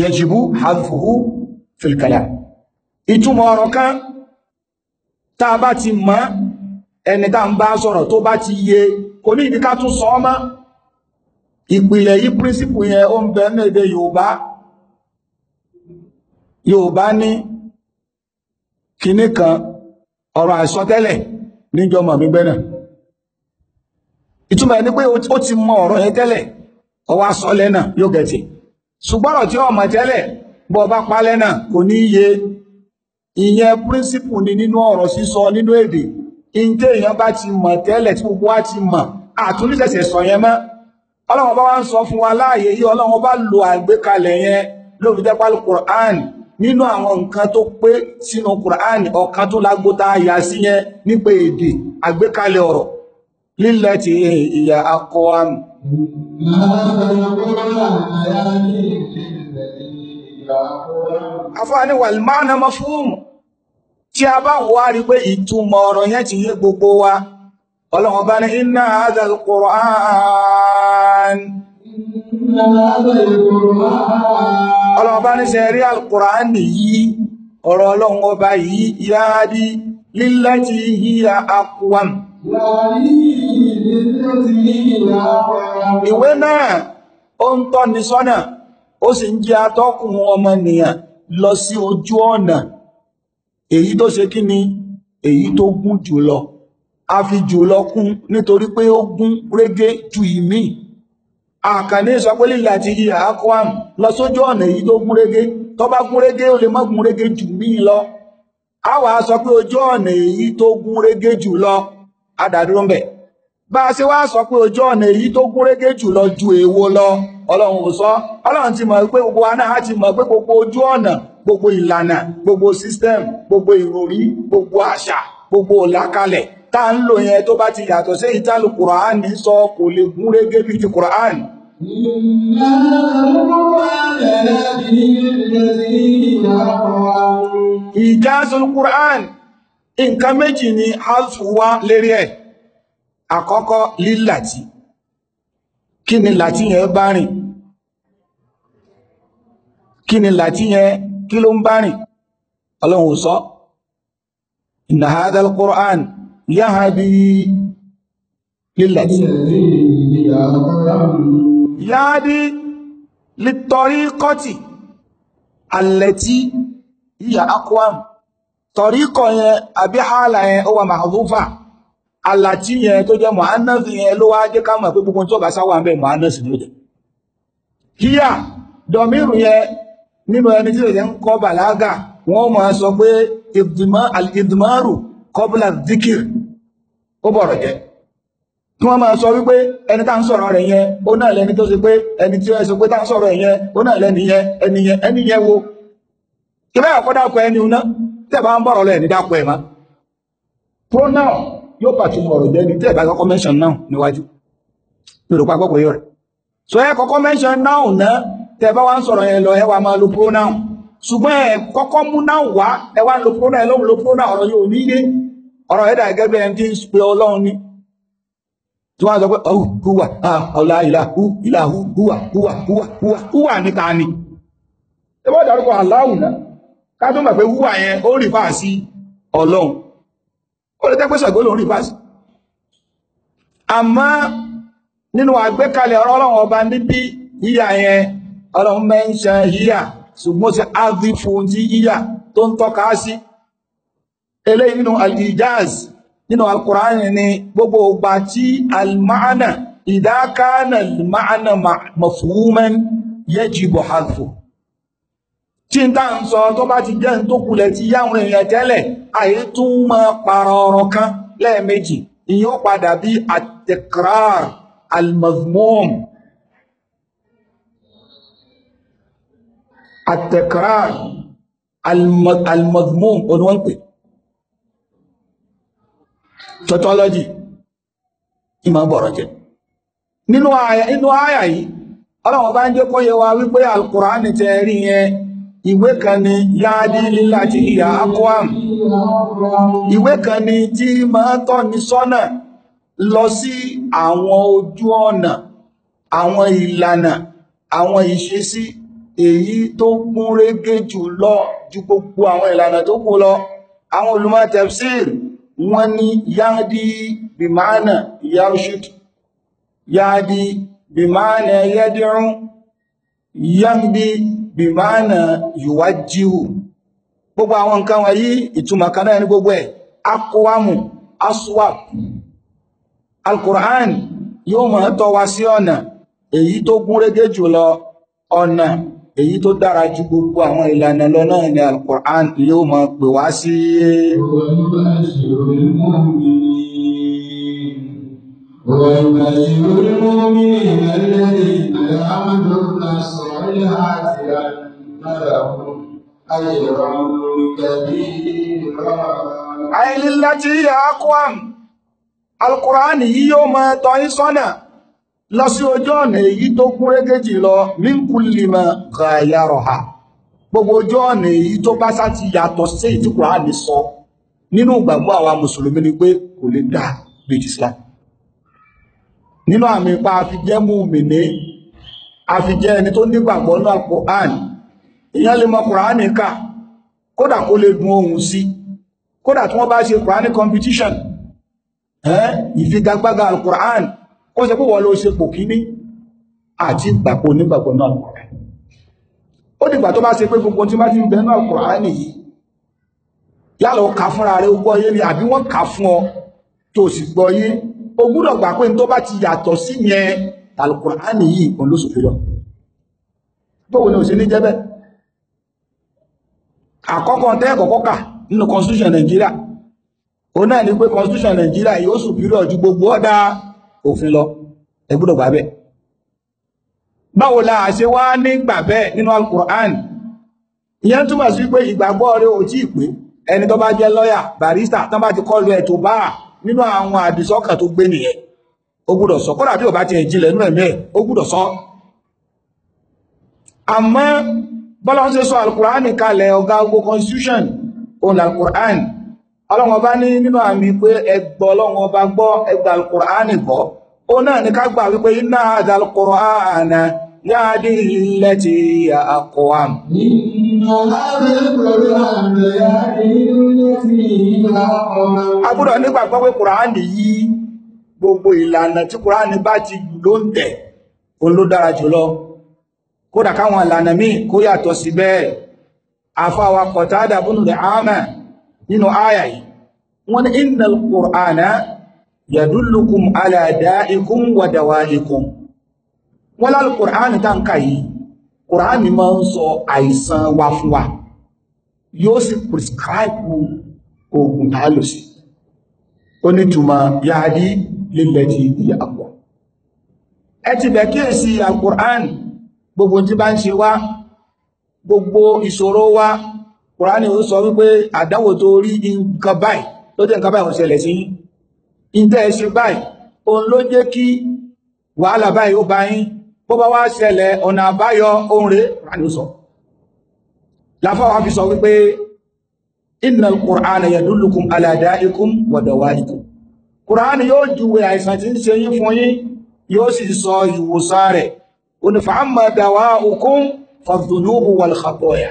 yajibu ìtumọ̀ ọ̀rọ̀ kan tá bá ti mọ̀ ẹni tá ń bá sọ̀rọ̀ tó bá ti yé kò ní ìdíká tún sọ ọmọ ìpìlẹ̀ yí príncipù yẹn ó ń bẹ mẹ́ẹ̀dẹ̀ Yorùbá Yorùbá ní kinní kan ọ̀rọ̀ àìsọtẹ́lẹ̀ níjọ mọ̀ gbígbẹ́ náà ìtumọ̀ ẹni pé ó ti mọ ọ̀rọ̀ yẹn tẹ́lẹ̀ ọwọ́ asọ́lẹ̀ náà yóò gẹ̀tì ṣùgbọ́n ọ̀rọ̀ tí ọmọ tẹ́lẹ̀ bọ́ ọba palẹ̀ náà kò ní iye ìyẹn príncipù ni nínú ọ̀rọ̀ sísọ nínú èdè ìjẹ́ èèyàn bá ti mọ̀ tẹ́lẹ̀ tí gbogbo wa ti mọ̀ àtúnlẹ̀sẹ̀sẹ̀ sọ yẹn mọ́ ọlọ́run bá wá ń sọ fún wa láàyè yìí ọlọ́run bá lo àgbékalẹ̀ yẹn ló fi dẹ́pá Qur'an nínú àwọn nǹkan tó pé sínú Qur'an ọ̀kan tó lágbó tá a yà sí yẹn nípa èdè àgbékalẹ̀ ọ̀rọ̀ lílẹ̀ ti ìyà akọ́wàmù. afáàní wàlmáàna mafhum tí a bá wá rí pé ìtumọ̀ ọ̀rọ̀ yẹn ti yé gbogbo wa ọlọ́wọ́n bá ní inna hadha al-Qur'an bá ní ṣe rí al-Qur'an ọ̀rọ̀ ọlọ́run ọba yìí yáádí lílẹ́tí híyà akwam ìwé náà ó ń tọ́ ó sì ń jẹ́ atọ́kùn ọmọnìyàn lọ sí ojú ọnà èyí tó ṣe kí ni èyí tó gún jùlọ a fi jùlọ kún nítorí pé ó gún régé ju ìmí àkàní sọ pé lílà ti yí àákọ́àm lọ sójú ọnà èyí tó gún régé tó bá gún régé ó lè má gún régé jù mí lọ a wàá sọ pé ojú ọnà èyí tó gún régé jù lọ adàdúró ń bẹ̀ bá a ṣe wá sọ pé ojú ọ̀nà èyí tó gún jùlọ ju èwo lọ ọlọ́run ò sọ ọlọ́run ti mọ̀ pé gbogbo wa náà á ti mọ̀ pé gbogbo ojú ọ̀nà gbogbo ìlànà gbogbo system gbogbo ìròrí gbogbo àṣà gbogbo òlàkalẹ̀ tá ń lò yẹn tó bá ti yàtọ̀ sí ìtàlù kùránì sọ kò lè gún régé bí ti kùránì. ìjà sọ kùránì nǹkan méjì ni a lérí ẹ̀. àkọ́kọ́ lílàtí kí ni làtí yẹn bá rìn kí ni làtí yẹn kí ló ń bá rìn ọlọ́run sọ inna hadha al-Qur'an yahdi lílàtí yahdi litariqati allati hiya aqwam tọ̀ríkọ̀ yẹn àbí hálà yẹn ó wà ala yẹn tó jẹ́ mohannes yẹn ló wá jẹ́ kámọ̀ pé gbogbo tó bá sáwà ń ló jẹ́ kíyà dọ̀míru yẹn nínú ẹni tí ìrẹ̀ ń kọ́ bàlágà wọ́n sọ pé ìdìmọ́rù kọ́bùlà díkìr ó bọ̀rọ̀ jẹ́ kí wọ́n máa sọ wípé ẹni tá ń sọ̀rọ̀ rẹ̀ yẹn ó náà lẹni tó pé ẹni tí ó pé tá ń sọ̀rọ̀ yẹn ó náà lẹni yẹn ẹni yẹn ẹni yẹn wo ìbẹ́ àkọ́dàkọ ẹni tẹ̀ bá ń bọ̀rọ̀ ẹ̀ mọ́ pronoun yóò bá tún ọ̀rọ̀ jẹ́ ní tẹ́ kọ́kọ́ mention now níwájú lórí pa gbọ́gbọ́ yóò rẹ̀ so ẹ kọ́kọ́ mention now náà tẹ́ bá wá ń sọ̀rọ̀ yẹn lọ ẹ wà máa lo pronoun ṣùgbọ́n ẹ kọ́kọ́ mú now wá ẹ wá lo pronoun ẹ lọ́wọ́ lo pronoun ọ̀rọ̀ yóò ní ilé ọ̀rọ̀ ẹ̀dà gẹ́gẹ́ bí ẹni tí ń pe ọlọ́run ni tí wọ́n sọ pé ọ̀hù húwà ọ̀la ìlàhú ìlàhú húwà húwà húwà húwà húwà níta ni ẹ bá dárúkọ aláwùná ká tó mọ̀ pé húwà yẹn ó rí sí ọlọ́run ó lè jẹ́ pé Ṣàngó ló ń rí báṣì àmọ́ nínú àgbékalẹ̀ ọ̀rọ̀ ọlọ́run ọba níbi yíyà yẹn ọlọ́run mẹ́ńṣẹ́ yíyà ṣùgbọ́n ṣe ádìfò tí yíyà tó ń tọ́ka sí eléyìí nínú al-ijaz nínú al ni gbogbo ọgbà tí al-ma'ana idha kana al-ma'ana mafhuman tí ń tàà ń sọ tó bá ti jẹ́ ń tó kulẹ̀ ti yáwọn èèyàn tẹ́lẹ̀ àyè tún mọ́ para ọ̀rọ̀ kan lẹ́ẹ̀mejì ìyẹn ó padà bí àtẹ̀krar almazmum àtẹ̀krar almazmum oníwọ̀npẹ̀ tautology ìmọ̀ bọ̀rọ̀ jẹ́ nínú àyà yìí ọlọ́wọ̀n bá ń jẹ́ kó yé wa wípé alkùránì tẹ́ rí yẹn ìwé kan ni yáádí lílá tí ìyà akwam ìwé kan ni tí máa tọ́ni sọ́nà lọ sí àwọn ojú ọ̀nà àwọn ìlànà àwọn ìṣesí èyí tó gún régé jù lọ ju gbogbo àwọn ìlànà tó kù lọ àwọn olùmọ̀ tafsir wọ́n ní yáádí bìmánà yarshid yáádí bìmánà yẹ́dìrún yáádí bìmánà yùwájíhù gbogbo àwọn nǹkan wọ̀nyí ìtumọ̀ kan náà ní gbogbo ẹ̀ akọwàmù aswap alkùrán yóò mọ̀ tọ́ wa sí ọ̀nà èyí tó gún régé jùlọ ọ̀nà èyí tó dára ju gbogbo àwọn ìlànà lọ ni alkùrán yóò mọ̀ pè wá sí ويبشر المؤمنين الذين يعملون الصالحات جهنم أجرا كبيرا أي للتي هي أقوم ma يوم تايسونا lọ sí ojú ọ̀nà eyi tó kún régéjì lọ mínkùlìmọ̀ gàyàrọ̀ha gbogbo ojú na èyí tó bá sá ti yàtọ̀ sí ìtí sọ nínú ìgbàgbọ́ awa ni lè da nínú pa fi àfi jẹ́ ẹni tó nígbàgbọ́ ní Al-Qur'an ìyẹn lè mọ Qur'an kà kódà kó lè dùn ohùn sí kódà tí wọ́n bá ṣe Qur'an competition ìfigagbága Al-Qur'an kó ṣe púpọ̀ ló ṣe pò kíní àti gbàpò nígbàgbọ́ ní Al-Qur'an ó dìgbà tó bá ṣe pé gbogbo tí bá ti ń bẹ ní Al-Qur'an yìí yálà ó kà fúnra rẹ̀ ó gbọ́ ni àbí wọ́n kà fún ọ tó sì gbọ́ yé pé ní tó bá ti yàtọ̀ sí yẹn tàlùkùránì yìí òun ló superior bóòwò ni ò ṣe ní jẹ́bẹ́ àkọ́kọ́ tẹ́ kọ́kọ́ kà nínú constitution Nigeria ó náà ní pé constitution Nigeria yóò superior ju gbogbo ọ̀dà òfin lọ ẹ gbọ́dọ̀ gbà bẹ́ẹ̀ báwo la ṣe wá ní gbà bẹ́ẹ̀ nínú alukur'an ìyẹn túmọ̀ sí pé ìgbàgbọ́ rẹ ò tíì pé ẹni tó bá jẹ́ lọ́yà barista tó bá ti kọ́ lu bá nínú àwọn àdìsọ́kàn tó gbé nìyẹn ó gbúdọ̀ sọ bí ò bá ti ìjìnlẹ̀ nínú ẹ̀mí ó gbúdọ̀ sọ àmọ́ bọ́lá ṣe sọ kalẹ̀ ọ̀gá ogun constitution òun alukur'ani ọlọ́run bá ní nínú àmì pé ẹgbọ́ gbọ́ ẹgbà alukur'ani gbọ́ ó náà ní wípé iná a gbogbo ìlànà tí kùránì bá ti ló ń tẹ̀ òun ló dára jùlọ kódà káwọn ìlànà míì kó yàtọ̀ sí bẹ́ẹ̀ àfáwà Qatada bunu al-Ama nínú àyà yìí wọ́n ní innal Qur'ana yadullukum ala da'ikum wa dawa'ikum wọ́n tààlù sí onítùmọ̀ yáadí lílẹ̀tì ìyàpọ̀ ẹ ti bẹ̀ kíyèsí alkùrán gbogbo tí bá ń ṣe wá gbogbo ìṣòro wá kùránì ó sọ wípé àdáwò tó rí nǹkan báyìí ló jẹ́ nǹkan báyìí ó ṣẹlẹ̀ sí ìtẹ́ ẹ ṣe báyìí òun ló jẹ́ kí wàhálà báyìí ó bá yín bó bá wá ṣẹlẹ̀ ọ̀nà àbáyọ ohun rẹ̀ kùránì ó sọ láfáwá fi sọ wípé innal qur'ana yadullukum ala da'ikum wa dawa'ikum kùránì yóò júwe àìsàn tí ń ṣe yín fún yín yóò sì sọ ìwòsàn rẹ̀ ó ní fàámà dàwà òkun fàdùnúhù wà lùkàbọ̀yà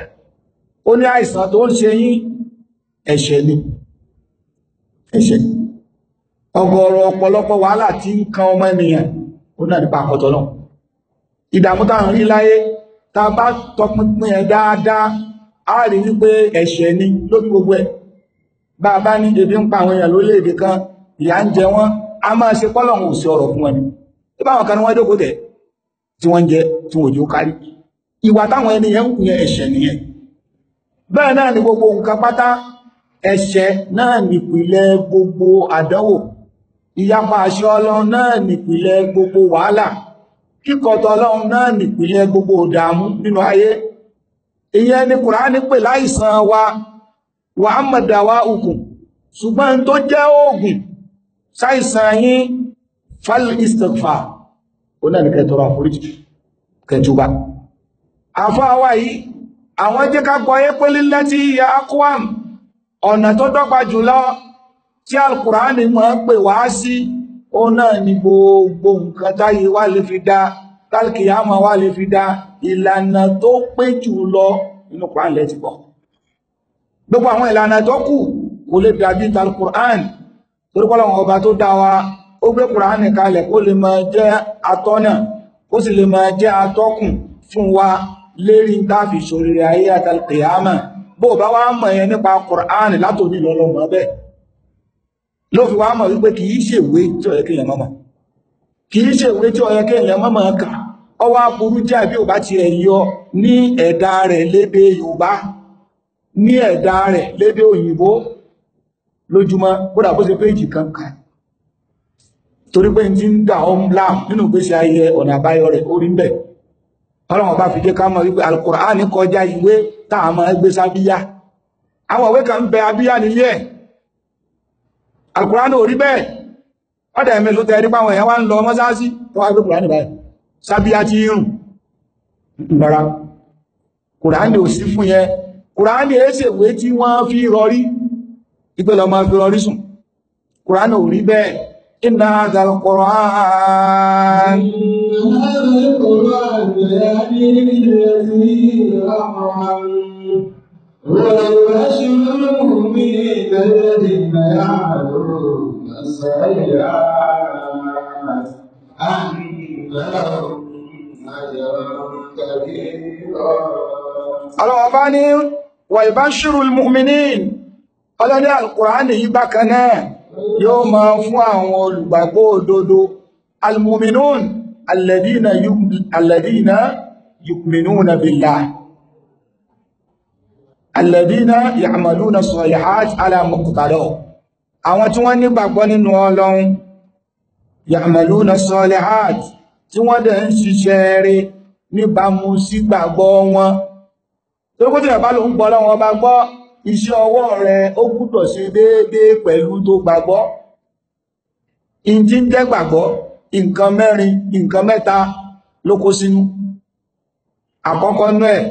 ó ní àìsàn tó ń ṣe yín ẹ̀ṣẹ̀ ni ẹ̀ṣẹ̀ ọ̀gọ̀rọ̀ ọ̀pọ̀lọpọ̀ wàhálà tí ń kan ọmọ ènìyàn ó náà nípa àkọ́tọ̀ náà ìdààmú táwọn rí láyé tá a bá tọpinpin ẹ̀ dáadáa á rí wípé ẹ̀ṣẹ̀ ni lórí gbogbo ẹ̀ bá a bá ní ebi ń pa àwọn èèyàn lórílẹ̀-èdè kan ìyà ń jẹ wọ́n a máa ṣe pọ́lọ̀hún òsì ọ̀rọ̀ fún ẹni tí báwọn kan wọ́n dókò tẹ̀ tí wọ́n jẹ tí wọ́n jò kárí ìwà táwọn ẹni yẹn ń yẹn ẹ̀ṣẹ̀ nìyẹn bẹ́ẹ̀ náà ni gbogbo nǹkan pátá ẹ̀ṣẹ̀ náà nìpìlẹ̀ gbogbo àdánwò ìyapa àṣẹ ọlọ́run náà nìpìlẹ̀ gbogbo wàhálà kíkọ̀tọ̀ ọlọ́run náà nìpìlẹ̀ gbogbo ìdààmú nínú ayé ìyẹn ni kùránì pè láìsàn wa wàhámàdáwà òkùn ṣùgbọ́n tó jẹ́ oògùn ṣàìsàn yín fal istighfar ó náà ní kẹtọrọ àforíjì kẹtùbá àfáàwá yìí àwọn jẹ́ ká gbọ́ yé pé lílẹ́ tí akwam ọ̀nà tó dọ́gba jùlọ tí alkùránì mọ́ pè wá sí ó náà ni gbogbo nǹkan táyé wá lè fi dá tálkìyàmà wá lè fi dá ìlànà tó pé jùlọ inú kùránì lẹ́ ti gbogbo àwọn ìlànà tó kù kò lè dàbí talkùránì torí pọ́lọ̀ ọba tó dá wa ó gbé kùránì kalẹ̀ kó lè máa jẹ́ kó sì lè máa jẹ́ atọ́kùn fún wa lérí táàfi ṣoríire ayé àtàlùkìyàmà bó bá wá mọ̀ yẹn nípa ló fi wá mọ̀ wípé kìí ṣèwé tí ó kéèyàn mọ́mọ́ tí kéèyàn mọ́mọ́ kà ọwọ́ aburú jẹ́ bí ò bá ti ní ẹ̀dá rẹ̀ Yorùbá ní ẹ̀dá rẹ̀ òyìnbó lójúmọ́ bódà bó ṣe péjì kan kà torí pé tí ń dà ọ́n láàmù nínú ìgbésí ayé ọ̀nà àbáyọ rẹ̀ ó rí bẹ́ẹ̀ ọlọ́run bá fi jẹ́ ká mọ̀ wípé alukur'ani kọjá ìwé táà mọ́ ẹgbẹ́ sábíyá àwọn ìwé kan bẹ abíyá nílé ẹ̀ alukur'ani ò rí bẹ́ẹ̀ ọ̀dà ẹ̀mí ló tẹ̀rí báwọn èèyàn wá ń lọ mọ́sáàsì tó wá gbé kùránì báyìí sábíyá ti rùn rárá kùránì ò sí fún yẹn kùránì èsèwé tí wọ́n fi rọrí ìpẹ́lẹ̀ ọmọ ẹgbẹ́ orísun kùránà ò rí bẹ́ẹ̀ iná àdàkọ̀rọ̀ Ọlọ́wọ́ bá ní wà ìbá ṣírù mùmìnín ọlọ́dẹ́ alkùránì yìí bákan náà yóò máa fún àwọn olùgbàgbọ́ òdodo almuminun alladina yuminuna billah alladina ya'maluna salihat ala muqtada àwọn tí wọ́n ní gbàgbọ́ nínú Ọlọ́run ya'maluna salihat tí wọ́n dẹ̀ ń ṣiṣẹ́ rí níbàmú sí wọn tó kó tí ẹ̀bá ló ń bá gbọ́ iṣẹ́ ọwọ́ rẹ ó gbúdọ̀ ṣe déédéé pẹ̀lú tó gbàgbọ́ ìdí ń jẹ́ gbàgbọ́ nǹkan mẹ́rin nǹkan mẹ́ta ló kó sínú àkọ́kọ́ náà ẹ̀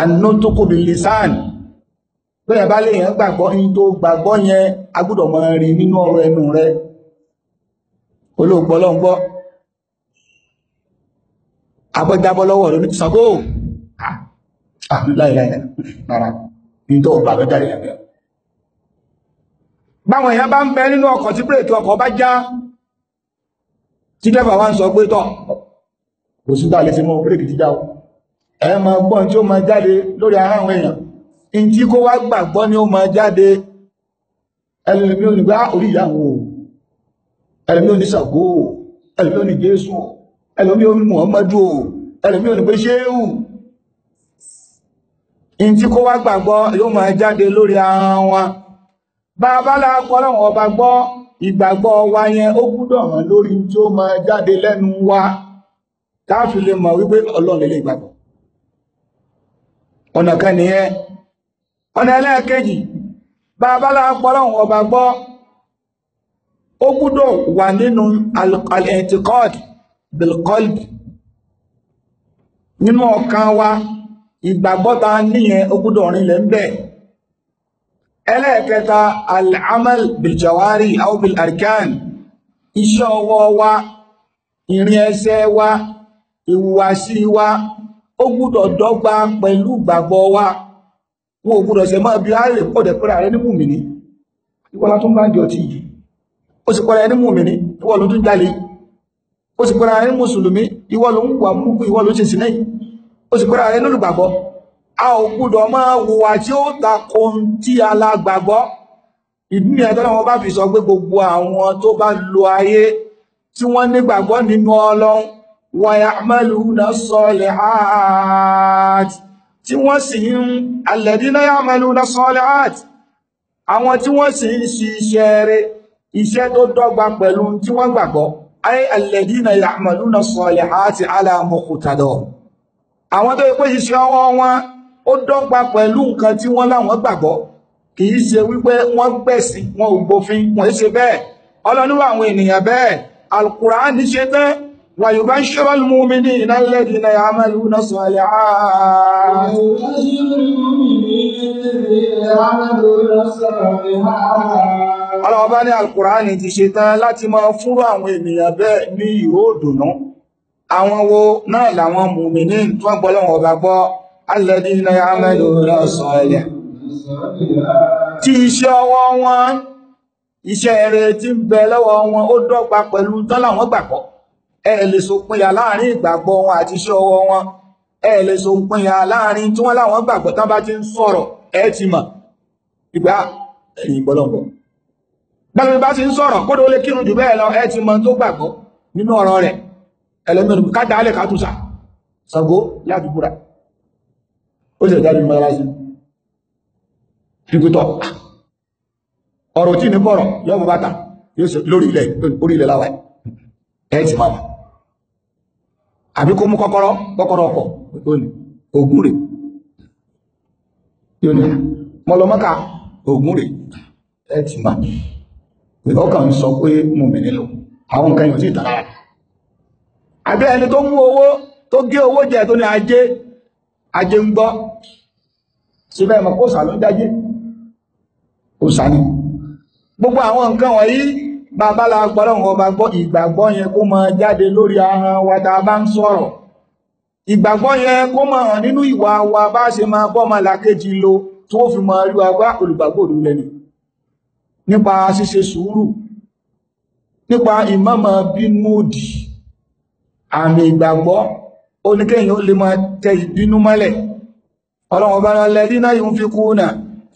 ànótókòbì lisan bẹ́ẹ̀ bá lè yẹn gbàgbọ́ ní tó gbàgbọ́ yẹn agbúdọ̀ mọ́ rí nínú ọ̀rọ̀ ẹnu rẹ olóògbọ́lọ́gbọ́ abọ́jábọ́lọ́wọ́ lónìí sàgóò láìláìlá rárá ní tó gbà lọ́jà rẹ̀ lẹ́gbẹ̀ẹ́ báwọn èèyàn bá ń bẹ nínú ọkọ̀ tí bírèkì ọkọ̀ bá já tí dẹ́fà wá ń sọ pé tọ́ kò sí dáa lè fi mọ́ bírèkì jíjá o ẹ máa gbọ́n tí ó máa jáde lórí ara àwọn èèyàn in tí kó wá gbàgbọ́ ni ó máa jáde ẹlẹ́mí ò ní gbá orí ìyàwó ẹlẹ́mí ò ní sàgó ẹlẹ́mí ò ní jésù ẹlẹ́mí ò ní muhammadu ẹlẹ́mí ò ní pé ṣéhùn in tí kó wá gbàgbọ́ yóò máa jáde lórí ara wọn bá a bá láàpọ̀ láwọn ọba gbọ́ ìgbàgbọ́ wa yẹn ó gbúdọ̀ hàn lórí tí ó máa jáde lẹ́nu wa táàfi lè mọ̀ wípé ọlọ́run lè gbàgbọ́ ọ̀nà kan nìyẹn ọ̀nà ẹlẹ́ẹ̀kejì bá a bá gbọ́ ó gbúdọ̀ wà nínú al-i'tiqad nínú ọkàn wa ìgbàgbọ́ ta níyẹn ó gbọ́dọ̀ rinlẹ̀ ń bẹ̀ ẹlẹ́ẹ̀kẹta al'amal biljawari aw bil arkan iṣẹ́ ọwọ́ wa ìrìn ẹsẹ̀ wa ìhùwàsí wa ó gbọ́dọ̀ dọ́gba pẹ̀lú ìgbàgbọ́ wa wọn ò gbọ́dọ̀ ṣe máa bí a lè pọ̀dẹ̀ pẹ́ra rẹ ní mùmìnì ìwọ́lá tó ń bá ń di ọtí yìí ó sì pẹ́ra ní mùmìnì ìwọ́ ló tún jalè ó sì pẹ́ra ní mùsùlùmí ìwọ́ ń wà mú ìwọ́ ṣe sí lẹ́yìn ó sì pẹ́ra olùgbàgbọ́ a ò gbúdọ̀ máa wùwà tí ó tako tí alágbàgbọ́ ìdí ẹ̀ tọ́lá wọn bá fi sọ pé gbogbo àwọn tó bá lo ayé tí wọ́n nígbàgbọ́ nínú ọlọ́run wọ̀nyà mẹ́lúùnà sọ́ọ̀lẹ̀ áàtì tí wọ́n sì ń alẹ́dínà yà mẹ́lúùnà sọ́ọ̀lẹ̀ áàtì àwọn tí wọ́n sì ń ṣe iṣẹ́ rere iṣẹ́ tó dọ́gba pẹ̀lú tí wọ́n gbàgbọ́ ayé alẹ́dínà mẹ́lúùnà sọ́ọ̀lẹ̀ áàtì aláàmọ́kùtàdọ̀ọ́ àwọn tó yẹ pé iṣẹ́ ọwọ́ wọn ó dọ́gba pẹ̀lú nǹkan tí wọ́n láwọn gbàgbọ́ kì í ṣe wípé wọ́n gbẹ̀sìn wọn ò gbófin wọn ṣe bẹ́ẹ̀ ọlọ́núwà àwọn ènìyàn bẹ́ẹ̀ Al-Qur'an ṣe tán ويبشر المؤمنين الذين يعملون الصالحات Ọlọ́ọ̀bá ní Al-Qur'an ti ṣe tán láti máa fúrú àwọn ènìyàn bẹ́ẹ̀ ní ìhó dùnú àwọn wo náà làwọn mùmìnì tó ń gbọ́lọ́wọ̀n ọba gbọ́ alladhina ya'maluna salih tí iṣẹ́ ọwọ́ wọn iṣẹ́ eré tí ń bẹ lọ́wọ́ wọn ó dọ́gba pẹ̀lú tán gbàgbọ́ ẹ lè bá ti ń sọ̀rọ̀ ẹ ti mọ̀ jù bẹ́ẹ̀ lọ ẹ ti mọ̀ tó gbàgbọ́ nínú ọ̀rọ̀ rẹ̀ ẹlẹ́mẹ̀rún ká dálẹ̀ ká túnṣà Ṣàngó láti búra ó sì dájú mọ́ lásì pípútọ̀ ọ̀rọ̀ tí ní bọ̀rọ̀ lọ́mọ bàtà lórí ilẹ̀ orí ilẹ̀ láwàá ẹ̀ ti máa àbí kó mú kọ́kọ́rọ́ kọ́kọ́rọ́ ọkọ̀ ògùn rẹ̀ yóò ní mọ́lọmọ́ka ògùn rẹ̀ ẹ̀ ti máa ọkàn sọ pé mọ̀mìnì lò àwọn nǹkan yóò sí ìtàlára àbí ẹni tó mú owó tó gé owó jẹ tó ní ajé ajé ń gbọ́ síbẹ̀ mọ̀ kó sàlọ́ dájé kó sàní gbogbo àwọn nǹkan wọ̀nyí bàbá la gbọ́dọ̀ wọn bá gbọ́ ìgbàgbọ́ yẹn kó máa jáde lórí ahọ́n wa tá a bá ń sọ̀rọ̀ ìgbàgbọ́ yẹn kó máa hàn nínú ìwà wa bá ṣe máa bọ́ máa làkejì lo tó fi máa rí wa bá olùgbàgbọ́ òdú lẹ́nu nípa ṣíṣe sùúrù nípa ìmọ̀mọ̀ bínú òdì àmì ìgbàgbọ́ oni ke kẹ́yìn ó lè ma tẹ ìbínú mọ́lẹ̀ ọlọ́run ọba alladhina yunfiquna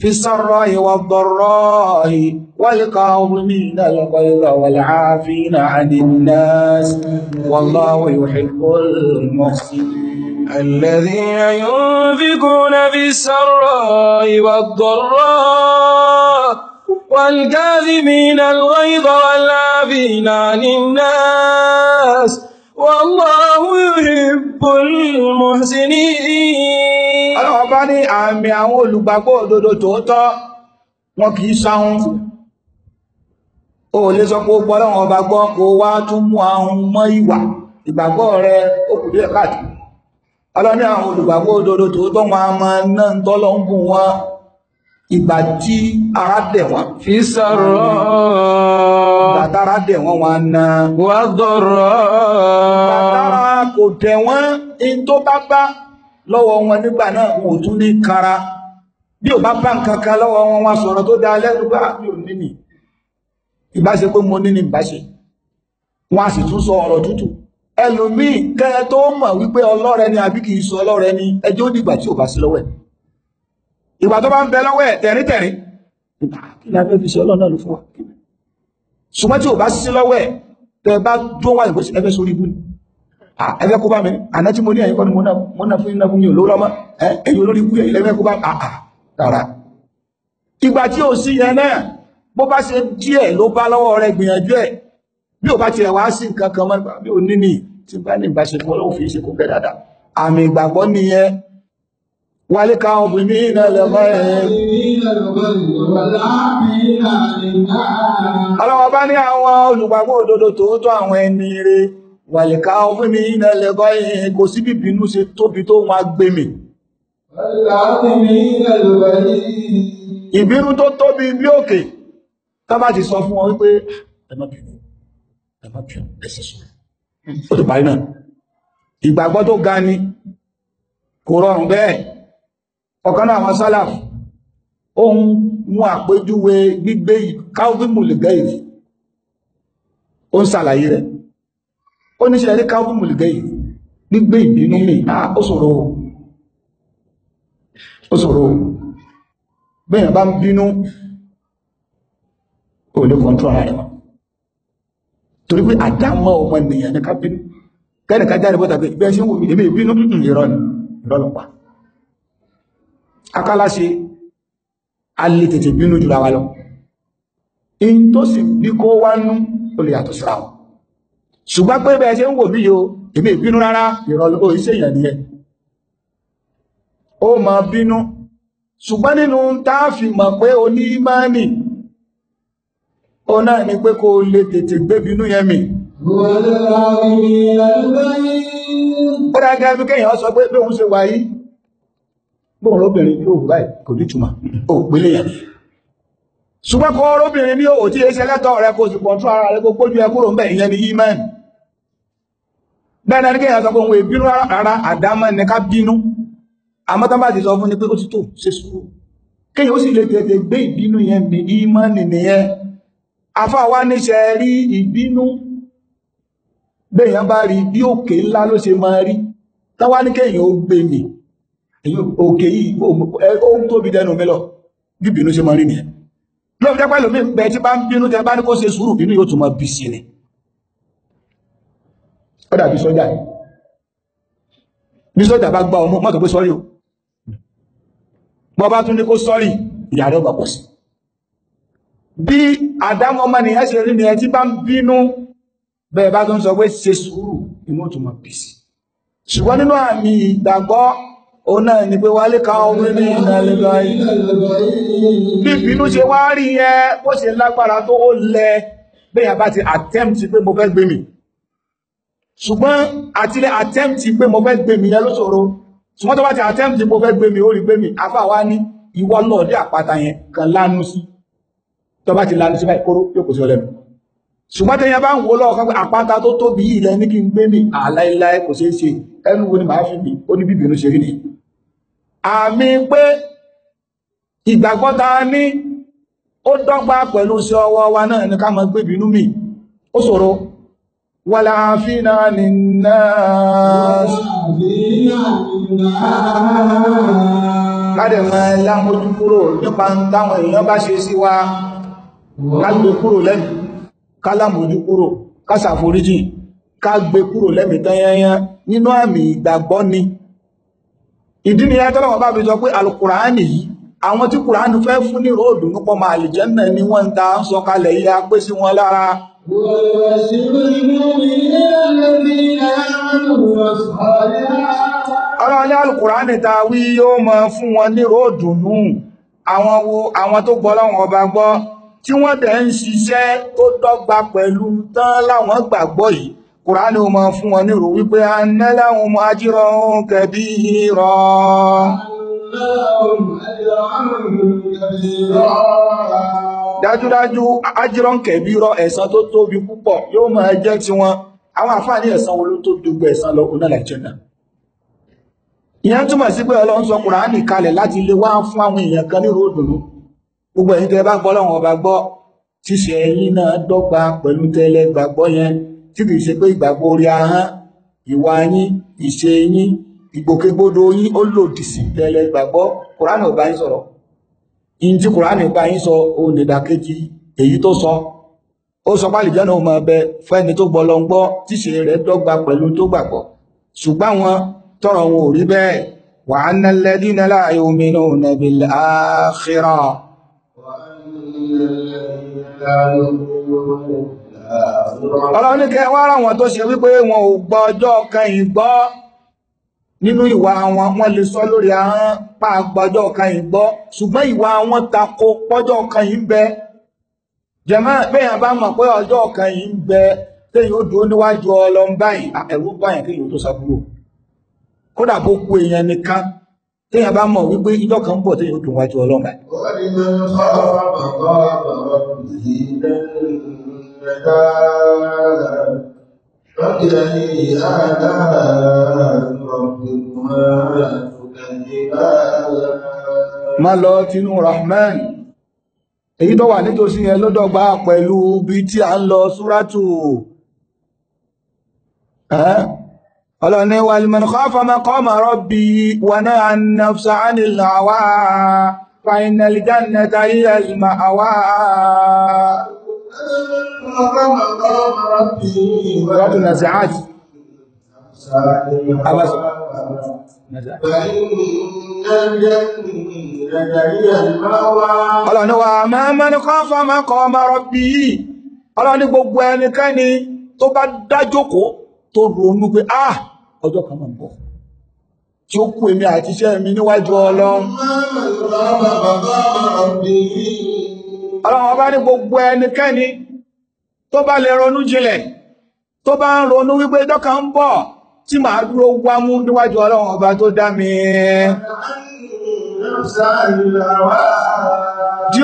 fi sarra'i wa dharra'i wal kadhimina al-ghayza wal 'afina 'anil nas wallahu yuhibbul muhsinin الذين ينفقون في السراء والضراء والكاذبين الغيظ والعافين عن الناس Wallahu yuhibbul muhsinin. Ọlọ́run bá ní àmì àwọn olùgbàgbọ́ òdodo tòótọ́, wọn kìí O lè sọ pé ó gbọ́ Ọlọ́run ọba gbọ́ kó wá ahun mọ́ ìwà ìgbàgbọ́ rẹ ó kù díẹ̀ káàkiri. Ọlọ́run ní àwọn olùgbàgbọ́ òdodo tòótọ́ wọn a máa ná ń tọ́lọ́ ń ìgbà tí ara dẹ̀ wọ́n. fi sọ̀rọ̀. Bàtàrà dẹ̀ wọ́n wá na. Wà dọ̀rọ̀. Bàtàrà kò tẹ̀ wọ́n in tó bá bá lọ́wọ́ wọn nígbà náà wọn tún ní kara. Bí ò bá bá nǹkan kan lọ́wọ́ wọn wá sọ̀rọ̀ tó da lẹ́nu bá ah, mi ò níní. Ìbáṣe pé mo níní ìbáṣe. Wọ́n a sì tún sọ ọ̀rọ̀ tútù. Ẹlòmíì kẹ́ tó mọ̀ wípé ọlọ́rẹ ni àbí kì í sọ ọlọ́rẹ ni ẹjọ́ nígbà tí ò bá sí lọ́wọ́ ẹ̀ ìgbà tó bá ń bẹ lọ́wọ́ ẹ̀ tẹ̀rítẹ̀rí kí ni abẹ́ fi ṣe ọlọ́run náà ló fún wa ṣùgbọ́n tí ò bá sí lọ́wọ́ ẹ̀ tẹ bá dún wà ìgbésí ẹgbẹ́ sórí ibú ẹgbẹ́ kó bá mi àná tí mo ní ẹ̀yìn ni mo ná fún iná fún mi ò lówó lọ́mọ ẹ̀yìn olórí ibú ẹ̀yìn lẹ́gbẹ́ kó bá àà rárá ìgbà tí ò sí yẹn náà bó bá ṣe díẹ̀ ló bá lọ́wọ́ rẹ̀ gbìyànjú ẹ̀ bí ò bá tiẹ̀ wá sí nǹkan kan mọ́ bí ò ní ní tí bá ní ìbáṣepọ̀ lọ́wọ́ fi ṣe kó bẹ́ dáadáa àmì ìgbàgbọ́ nìyẹn والكاظمين الغيظ ọlọ́wọ́ bá ní àwọn olùgbàgbọ́ òdodo tòótọ́ àwọn ẹni rẹ̀ wàlìká ọfún mi iná lẹ́gọ́ yìí kò sí bíbínú ṣe tóbi tó wọn gbèmì ìbínú tó tóbi bí òkè tábà ti sọ fún wọn wípé ẹmọ́bìnú ẹmọ́bìnú ẹsẹ̀ sọ ó ti parí náà ìgbàgbọ́ tó ga ni kò rọrùn bẹ́ẹ̀ ọ̀kan náà àwọn sálàf ohun mú àpéjúwe gbígbé calvin mulgayev ó ń sàlàyé rẹ̀ ó ní ṣe rí calvin mulgayev gbígbé ìbínú mi náà ah, ó ṣòro ó ṣòro bẹ́yàn bá ń bínú ò ní kọ̀ntọ́ ara rẹ̀ torí pé àdámọ́ ọmọ ènìyàn ní ká bínú kẹ́nìká jáde bọ́ta pé bẹ́ẹ̀ ṣe ń wò ìbínú ìrọ̀lọ́pàá akáláṣe a lè tètè bínú jùlọ wa lọ in tó sì bí kó wá nú ó lè yàtọ̀ síra wọn ṣùgbọ́n pé bẹ́ẹ̀ ń wò mí yo èmi ìbínú rárá ìrọ̀lọ́ iṣẹ́ o ní ìmáànì ó ni pé kó lè tètè gbébinú yẹn mi ó dáa gẹ́gẹ́ bí kéèyàn sọ pé bí òun ṣe wà yìí gbóhùn lóbìnrin yóò báyìí kò ní túmọ̀ ó pélé yẹn ṣùgbọ́n kọ́ lóbìnrin ní òwò tí eéṣẹ́ lẹ́tọ̀ rẹ kò sì pọ̀ntún ara rẹ kó pójú ẹ kúrò ń bẹ̀ ìyẹn ni yímẹ́n bẹ́ẹ̀ ni kéèyàn sọ pé òun ìbínú rárá àdámọ́ ni ká bínú àmọ́ tán bá ti sọ fún ni pé ó ní yímẹ́n ó gbé mi èyí òkè yìí ó ń tóbi dẹnu mi lọ bí bínú ṣe máa rí nìyẹn lóòfin jẹ́ pẹ́lú mi ń bẹ tí bá ń bínú tẹ bá ní kó ṣe sùúrù bínú yóò tún máa bí sí ni ó dàbí sọ́jà bí sọ́jà bá gbá ọmọ mọ́tò pé sọ́rí o bọ́ bá tún ní kó sọ́rí ìyàrá ọgbà pọ̀ sí bí àdámọ́ ọmọ nìyẹn ṣe rí nìyẹn tí bá ń bínú bẹ́ẹ̀ bá tún sọ pé ṣe sùúrù inú tún máa bí sí ṣùgbọ́n nínú àmì ìgbàgbọ́ òun náà ni pé wálé ká ọmọ ní ìdálẹ́gbà bí ìbínú ṣe wá rí ẹ ó ṣe lágbára tó ó lẹ bẹ́yà bá ti attempt pé mo fẹ́ gbé mi ṣùgbọ́n àtilẹ̀ attempt pé mo fẹ́ gbé mi yẹn ló ṣòro ṣùgbọ́n tó bá ti attempt pé mo fẹ́ gbé mi ó rí gbé mi afá wá ní ìwọ náà dé àpáta yẹn kan lánú sí tó bá ti lánú sí báyìí kóró yóò kò sí ọlẹ́nu ṣùgbọ́n tẹ́yẹ bá ń wo lọ́ọ̀kan pé àpáta tó tóbi yìí lẹ ní kí n gbé mi àláìláì kò ṣeé ṣe ẹnu wo ni màá fi bì ó ní bíbínú ṣe rí ni àmì pé ìgbàgbọ́ ta ní ó dọ́gba pẹ̀lú sí ọwọ́ wa náà ní ká máa gbé bínú mì ó ṣòro wàlá àfínà nìna láti mọ lámójú kúrò nípa táwọn èèyàn bá ṣe sí wa ká gbé kúrò lẹ́nu ká lámójú kúrò ká ṣàforíjì ká gbé kúrò lẹ́mìí tányányán nínú àmì ìgbàgbọ́ ni ìdí ni ẹ tọ́lọ́wọ́ bá fi sọ pé alukùránì yìí àwọn tí kùránì fẹ́ fún ní ròdù nípọ̀ máa lè náà ni wọ́n ń ta ń sọ kalẹ̀ ilé apé sí wọn lára ọ̀rọ̀ ní alukùránì ta wí yóò máa fún wọn ní ròdù nù àwọn àwọn tó gbọ́ lọ́wọ́ ọba gbọ́ tí wọ́n tẹ̀ ń ṣiṣẹ́ tó dọ́gba pẹ̀lú tán láwọn gbàgbọ́ yìí Kùránì ó fún wọn nírò wípé anna lahum ajran kabira. Dájúdájú ajran kabira ẹ̀san tó tóbi púpọ̀ yóò máa jẹ́ ti wọn. Àwọn àfáàní ẹ̀san wo ló tóbi gbogbo lọ onílẹ̀ jẹ́nà. Ìyẹn túmọ̀ sí pé Ọlọ́run sọ Kùránì kalẹ̀ láti lè wá fún àwọn èèyàn kan nírò òdùnú. Gbogbo ẹ̀yin tẹ́ bá gbọ́ lọ́wọ́n ọba gbọ́, ṣíṣe ẹ̀yin náà dọ́gba pẹ̀lú tẹ́lẹ̀ gbàgbọ́ yẹn tí kìí ṣe pé ìgbàgbọ́ orí ahọ́n ìwà yín ìṣe yín ìgbòkègbodò yín ó lòdì sí tẹ́lẹ̀ ìgbàgbọ́ kùránì ò bá yín sọ̀rọ̀ in tí kùránì bá yín sọ òun nìdàkejì èyí tó sọ ó sọ pálí jọ́nà ó máa fẹ́ni tó gbọ́ lọ tíṣe rẹ̀ dọ́gba pẹ̀lú tó gbàgbọ́ ṣùgbọ́n wọn tọrọ wọn ò rí bẹ́ẹ̀ wà á ná lẹ́dí náà láàyè omi náà nàbí àkhírà. wà á ná lẹ́dí náà láàyè omi náà ọ̀rọ̀ ní kẹwàá ara wọn tó ṣe wípé wọn ò gbọ́ ọjọ́ kan ìgbọ́ nínú ìwà wọn wọ́n lè sọ lórí ahọ́n pa àgbọ́jọ́ kan ìgbọ́ ṣùgbọ́n ìwà wọn tako pọ́jọ́ kan yìí bẹ jẹ̀mọ́ bẹ́yàn bá mọ̀ pé ọjọ́ kan yìí bẹ téyàn ó dúró níwájú ọlọ́n فكان فكأي آلاء ربكما تكذبان má lọ tinú rahman èyí tó wà nítòsí yẹn ló dọ́gba pẹ̀lú bí tí a ń lọ súrátù ọlọ́ni wà lè mẹ́rin kọ́fà mẹ́kọ́mà rọ́bí wà náà annafsa anil àwá fàínàlìjánẹta ilẹ̀ àwá Sọ́tù Nàzàáj. Abáṣọ́. Ọlọ́ni wa máa mẹ́ni kọ́ fọ́ máa kọ́ ọmọ rọ̀bí yìí. Ọlọ́ni gbogbo ẹnikẹ́ni tó bá dájókó tó ronú pé ah ọjọ́ kan máa ń bọ̀. Tí ó kú èmi àti iṣẹ́ mi níwájú Ọlọ́run ọlọ́run ọba ní gbogbo ẹnikẹ́ni tó bá lè ronú jinlẹ̀ tó bá ń ronú wípé dọ́kà ń bọ̀ tí màá dúró wámú níwájú ọlọ́run ọba tó dá mi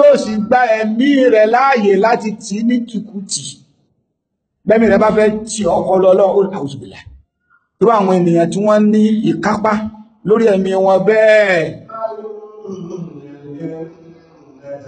ó sì gba ẹ̀mí rẹ̀ láàyè láti tì ní tùkùtì bẹ́mi rẹ̀ bá fẹ́ tí ọkọ̀ lọ́lọ́ òṣùbìlà ní ìkápá bẹ́ẹ̀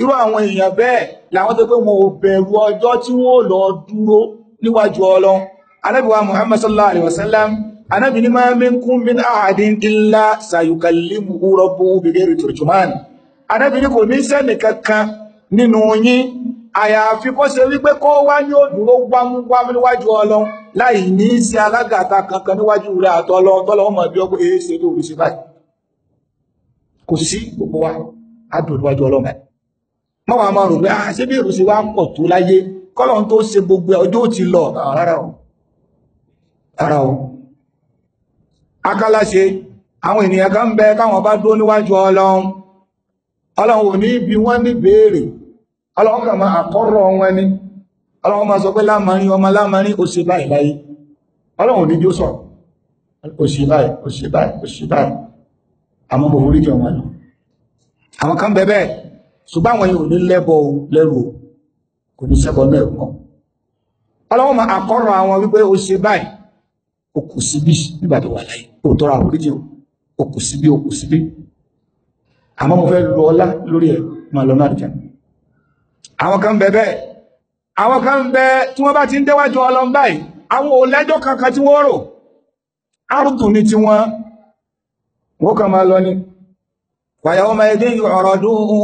irú àwọn èèyàn bẹ́ẹ̀ làwọn tó pé wọn ò bẹ̀rù ọjọ́ tí wọ́n lọ dúró níwájú ọlọ́run ànábì wa muhammad sallallahu alaihi wasallam minkum min ahadin illa sayukallimuhu rabbuhu bighairi turjuman ànábì ní kò ní sẹ́nì kankan nínú yín àyàfi se wípé kó wá ní òdúró níwájú láì ní alágàta kankan níwájú rẹ̀ àtọ́lọ́ tọlọ mọ̀ bí ko se sí báyìí kò sí gbogbo wa á níwájú mọ́ wàá máa rò pé ah, bí èrò wá pọ̀ tó láyé kọ́lọ́n tó ṣe gbogbo ọjọ́ ti lọ ah, rárá o akálàṣe àwọn ènìyàn kan bẹ káwọn bá dúró níwájú ọlọ́run ọlọ́run ò ní ibi wọ́n ní ọlọ́run máa àkọ́rọ̀ wọn ni ọlọ́run máa sọ pé lámarin ọmọ lámarin báyìí láyé ọlọ́run ò ní jó báyìí jọ wọn ṣùgbọ́n àwọn yìí ò ní lẹ́bọ̀ lẹ́rù kò ní sẹ́bọ̀ náà ẹ̀kọ́ ọlọ́wọ́ ma àkọ́rọ̀ àwọn wípé ó ṣe báyìí ó kù síbí nígbà tó wà láyé ó tọrọ àwọn oríjì ó kù síbí ó kù síbí àmọ́ mo fẹ́ lọ ọlá lórí ẹ̀ máa lọ náà jẹun àwọn kan bẹ bẹ́ẹ̀ àwọn kan bẹ tí wọ́n bá ti ń déwájú ọlọ́run báyìí àwọn ò lẹ́jọ́ kankan tí wọ́n rò árùtù ni tiwọn wọ́n kàn máa lọ ni ويومئذ يعرضون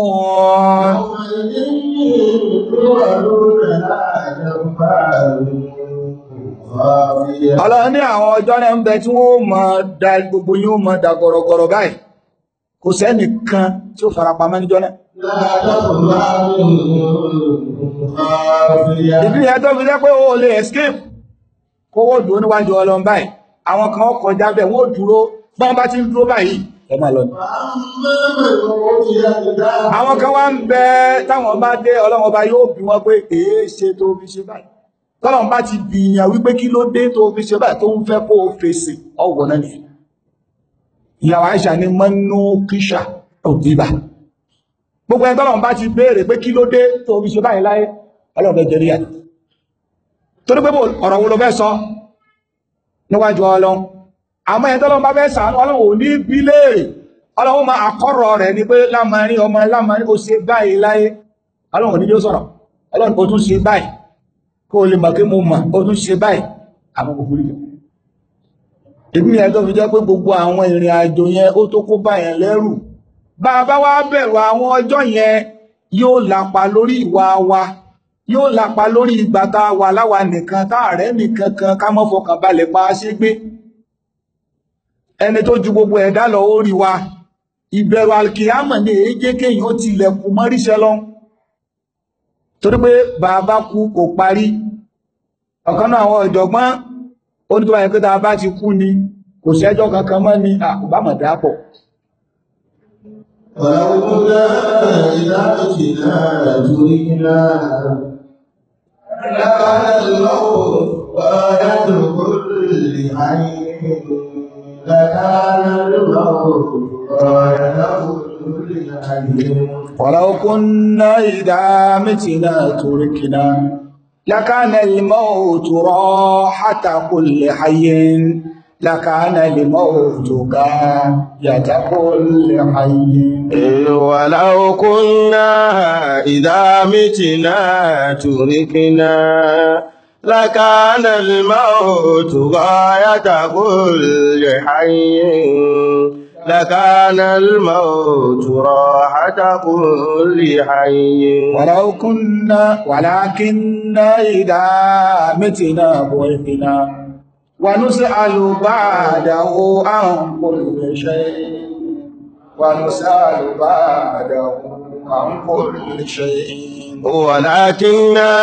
ọlọ́run ní àwọn ọjọ́ náà ń bẹ tí wọ́n mọ̀ dá gbogbo yín mọ̀ dá gọ̀rọ̀gọ̀rọ̀ báyìí kò sẹ́nìkan tí ó farapamọ́ níjọ́ náà ìdí ìyẹn tó fi jẹ́ pé ó lè escape kówó dúró níwájú ọlọ́run àwọn kan ó kọjá bẹ́ẹ̀ dúró bọ́n bá ti ń dúró báyìí ẹ máa àwọn kan wá ń bẹ táwọn bá dé ọlọ́wọ́n bá yóò bí wọn pé èé ṣe tó fi ṣe báyìí tọ́lọ́wọ́n bá ti bìyàn wípé kí ló dé tó fi ṣe báyìí tó ń fẹ́ kó o fèsì ọ̀wọ̀ náà nìyẹn ìyàwó àìṣà ni mọ́nú kíṣà òdìbà gbogbo ẹni tọ́lọ́wọ́n bá ti béèrè pé kí ló dé tó fi ṣe báyìí láyé ọlọ́wọ́n bẹ jẹ níyà torí pé ọ̀rọ̀ wo ló fẹ́ sọ níwájú ọlọ́run àmọ́ ẹni tọ́lọ́run bá fẹ́ sàánú ọlọ́run ní bílẹ̀ ọlọ́run máa àkọ́rọ̀ rẹ̀ ni pé lámarin ọmọ lámarin ó ṣe báyìí láyé ọlọ́run ò ní yóò sọ̀rọ̀ ọlọ́run ó tún ṣe báyìí kó lè mọ̀ kí mo mọ̀ ó tún ṣe báyìí àmọ́ kò fúrí jọ ìbí yẹn tó fi jẹ́ pé gbogbo àwọn ìrìn àjò yẹn ó tó kó bá yẹn lẹ́rù bá a bá wá yóò lapa lórí ìwà wa yóò lapa lórí ìgbà tá a wà láwa nìkan tá nìkan kan ká mọ́ fọkàn balẹ̀ pa ṣe gbé ẹni tó ju gbogbo ẹ̀dá lọ ó rí wa ìbẹ̀rù alkiyama ni èyí kéyìn ó ti mọ́ríṣẹ́ lọ torí pé bàbá kú kò parí ọ̀kan náà àwọn ìjọ̀gbọ́n ó ní tó báyìí pé tá bá ti kú ni kò sẹ́jọ́ kankan mọ́ ni náà náà. lọ́wọ́ لكان الموت ولو كنا إذا متنا تركنا لكان الموت راحة كل حي لكان الموت كان كل حي إيه، ولو كنا إذا متنا تركنا لكان الموت غاية كل حي لكان الموت راحة كل حي ولو كنا ولكن إذا متنا بعثنا ونسأل بعده عن كل شيء ونسأل بعده عن كل شيء ولكننا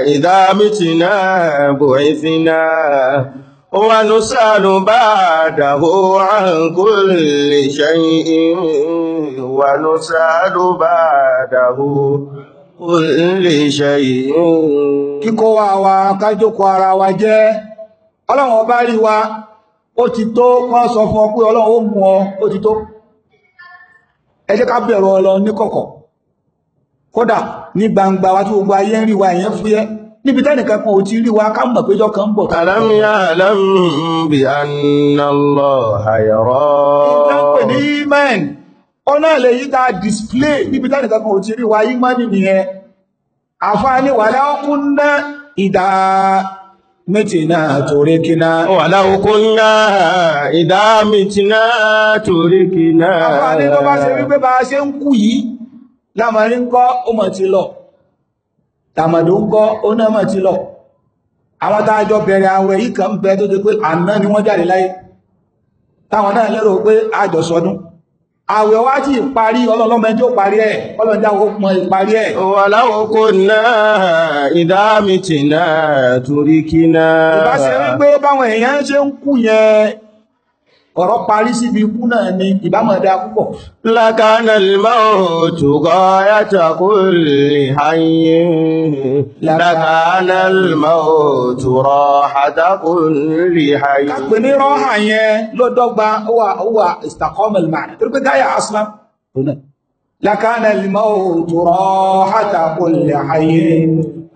إذا متنا بعثنا ونسأل بعده عن كل شيء ونسأل بعده كل شيء kíkó wa wa kájókòó ara wa jẹ́ ọlọ́run ọba rí wa ó ti tó kọ́ sọ fún ọ pé ọlọ́run wa ó ti tó ẹ kódà ní gbangba wa tí gbogbo ayé ń rí wa èèyàn fúyẹ́ níbi tẹ́nìkan kan ò ti rí wa ká mọ̀ péjọ kan bọ̀. alam ya'lam bi anna Allaha yara. ìtàpè ní imán ọ̀nà ilẹ̀ display níbi tẹ́nìkan kan ò ti rí wa imán nìyẹn àfáàní wà láwọ́kún ná ìdá mìtìnà toríkìnà wà láwọ́kún ná ìdá mìtìnà toríkìnà àfáàní bá ṣe wípé bá ṣe ń kú yìí lámàrí ń kọ́ ó mọ̀ ti lọ tàmàdó ń kọ́ ó náà mọ̀ ti lọ àwọn tààjọ bẹ̀rẹ̀ àwẹ̀ yìí kan bẹ tó ti pé àná ni wọ́n jáde láyé táwọn náà lérò pé àjọ sọdún àwẹ̀ wá tí ìparí ọlọ́lọ́mọ tí parí ẹ̀ ọ̀rọ̀ parí síbi ikú náà ni ìbámọ̀dá púpọ̀. Lákàánà lèmáwò tùgọ́ yàtàkù lè hayé. Lákàánà lèmáwò tùrọ̀ àtàkù lè hayé. Kàpẹ̀ ní rọ́hà yẹn ló dọ́gba wà wà ìstakọ́mẹ̀lì máa. Torí pé gáyà aslam.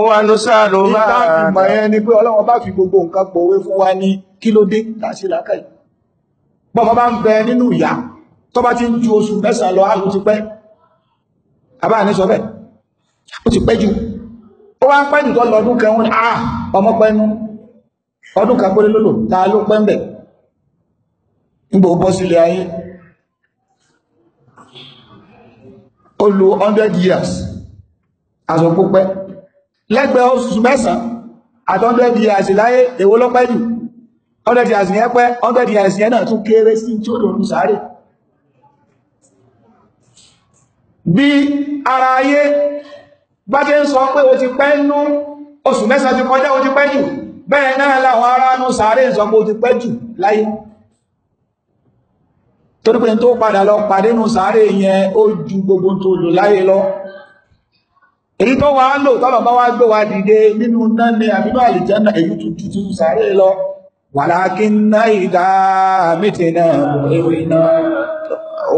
wà ló sáàlò máa ìgbà yẹn ni pé ọlọ́wọ́ bá fi gbogbo nǹkan pòwe fún wa ní kí ló dé tàṣí lákàí bọ́mọ bá ń bẹ nínú ìyá tó bá ti ń ju oṣù mẹ́sàn lọ àrùn ti pẹ́ àbá ní sọ bẹ́ẹ̀ ó ah ọmọ pẹ́nu ọdún kan péré lólò ta ló pẹ́ ń bẹ̀ nígbà 100 years àsopọ̀ pẹ́ lẹ́gbẹ̀ẹ́ oṣù mẹ́sàn àtọ́ndẹ́ di àṣì láyé èwo lọ́pẹ́ jù ọdẹ́ di àṣì yẹn pẹ́ ọdẹ́ di àṣì yẹn náà tún kéré sí tí ó dòrùn sáré bí ara ayé bá ti ń sọ pé o ti pẹ́ nú oṣù mẹ́sàn ti kọjá o ti pẹ́ jù bẹ́ẹ̀ náà láwọn ará nú sáré ń pé o ti pẹ́ jù láyé torí tó padà lọ pàdé nú sáré yẹn ó ju gbogbo tó lò láyé lọ èyí tó wá lò tọ́lọ̀ bá wá gbé wa dìde nínú nánẹ àbíbá àlìjánà èyí tuntun tún sáré lọ wàlákínná ìdá mítínà bòrínà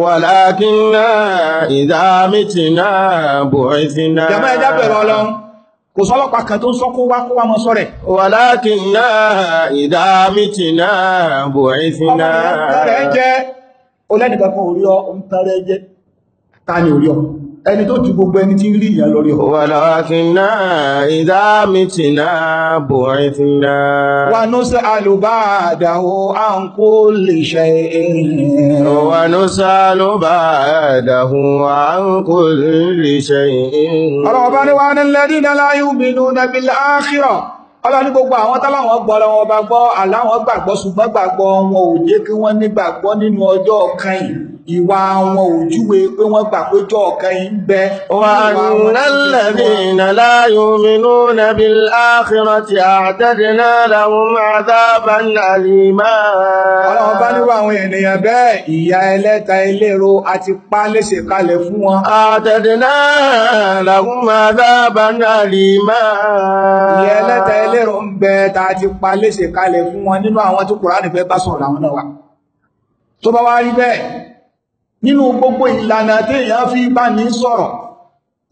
wàlákínná ìdá mítínà bòrínà jẹmọ́ ẹjá bẹ̀rọ ọlọ́run kò sọ́lọ́pàá kan tó ń sọ kó wá kó wá mọ́ sọ́rẹ̀ wàlákínná ìdá mítínà bòrínà ọmọ ìrẹ́ jẹ́ olẹ́nìkan kan orí ọ ń tẹ́rẹ́ jẹ́ ta ni orí ọ ẹni tó ju gbogbo ẹni tí ń rí ìyà lórí ọ̀rọ̀. wàlá akínà ìdámìtìnà bọ̀ẹ̀tìnà. wànú sí alùbáàdàwò à ń kó lè ṣe èèyàn. wànú sí alùbáàdàwò à ń kó lè ṣe èèyàn. ọ̀rọ̀ ọba ni wà ní lẹ́dí náà yúbinú nàbí láàkírọ̀. ọlọ́ni gbogbo àwọn táláwọn gbọ́ lọ́wọ́ ọba gbọ́ àláwọn gbàgbọ́ ṣùgbọ́n gbàgbọ́ wọn ò jẹ́ kí wọ́n nígbàgbọ́ nínú ọjọ́ kan yìí ìwà àwọn òjúwe pé wọ́n gbà pé jọ ọ̀kan yìí ń bẹ. wà nílẹ̀bí ìnàlá yòmínú nàbí áàkìrán ti àtẹ́dẹ̀ná làwọn máa dábà nàlìmá. ọlọ́run bá níwọ̀ àwọn ènìyàn bẹ́ẹ̀ ìyà ẹlẹ́ta eléro àti pa kalẹ̀ fún wọn. àtẹ́dẹ̀ná làwọn máa dábà nàlìmá. ìyà ẹlẹ́ta eléro ń bẹ tá a ti pa kalẹ̀ fún wọn nínú àwọn tó Kùránì fẹ́ bá sọ̀rọ̀ àwọn náà wà. tó bá wá rí bẹ́ẹ̀ nínú gbogbo ìlànà téèyàn fi bá ní sọ̀rọ̀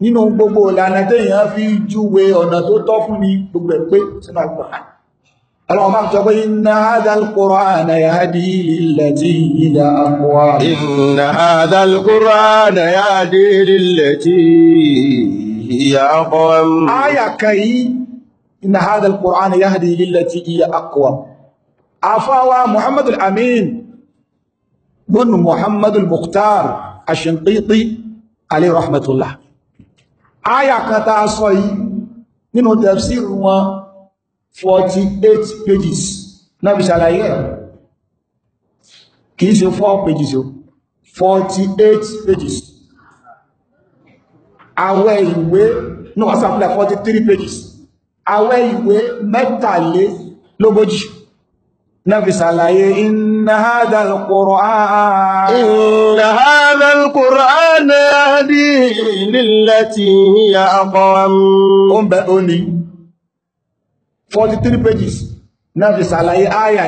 nínú gbogbo ìlànà téèyàn fi júwe ọ̀nà tó tọ́ fún ni gbogbo ẹ̀ pé sínú Al-Qur'an Ọlọ́run máa ń sọ pé inna hadhal Qur'ana yahdi lillati hiya aqwam. Inna hadhal Amin bónú Muhammadu Mukhtar Ashinqiti alayhi rahmatullah aya kan tá a sọ yìí nínú tafsir wọn 48 pages náà fi ṣàlàyé ẹ̀ kìí ṣe 4 pages o 48 pages àwẹ́ ìwé náà sàpìlẹ̀ 43 pages àwẹ́ ìwé mẹ́tàlélógójì náà fi ṣàlàyé iná hádà al-Qur'an iná hádà al-Qur'an ní àdí lílẹ̀tí ya aqwam ó ń bẹ ó ní 43 pages náà fi ṣàlàyé àyà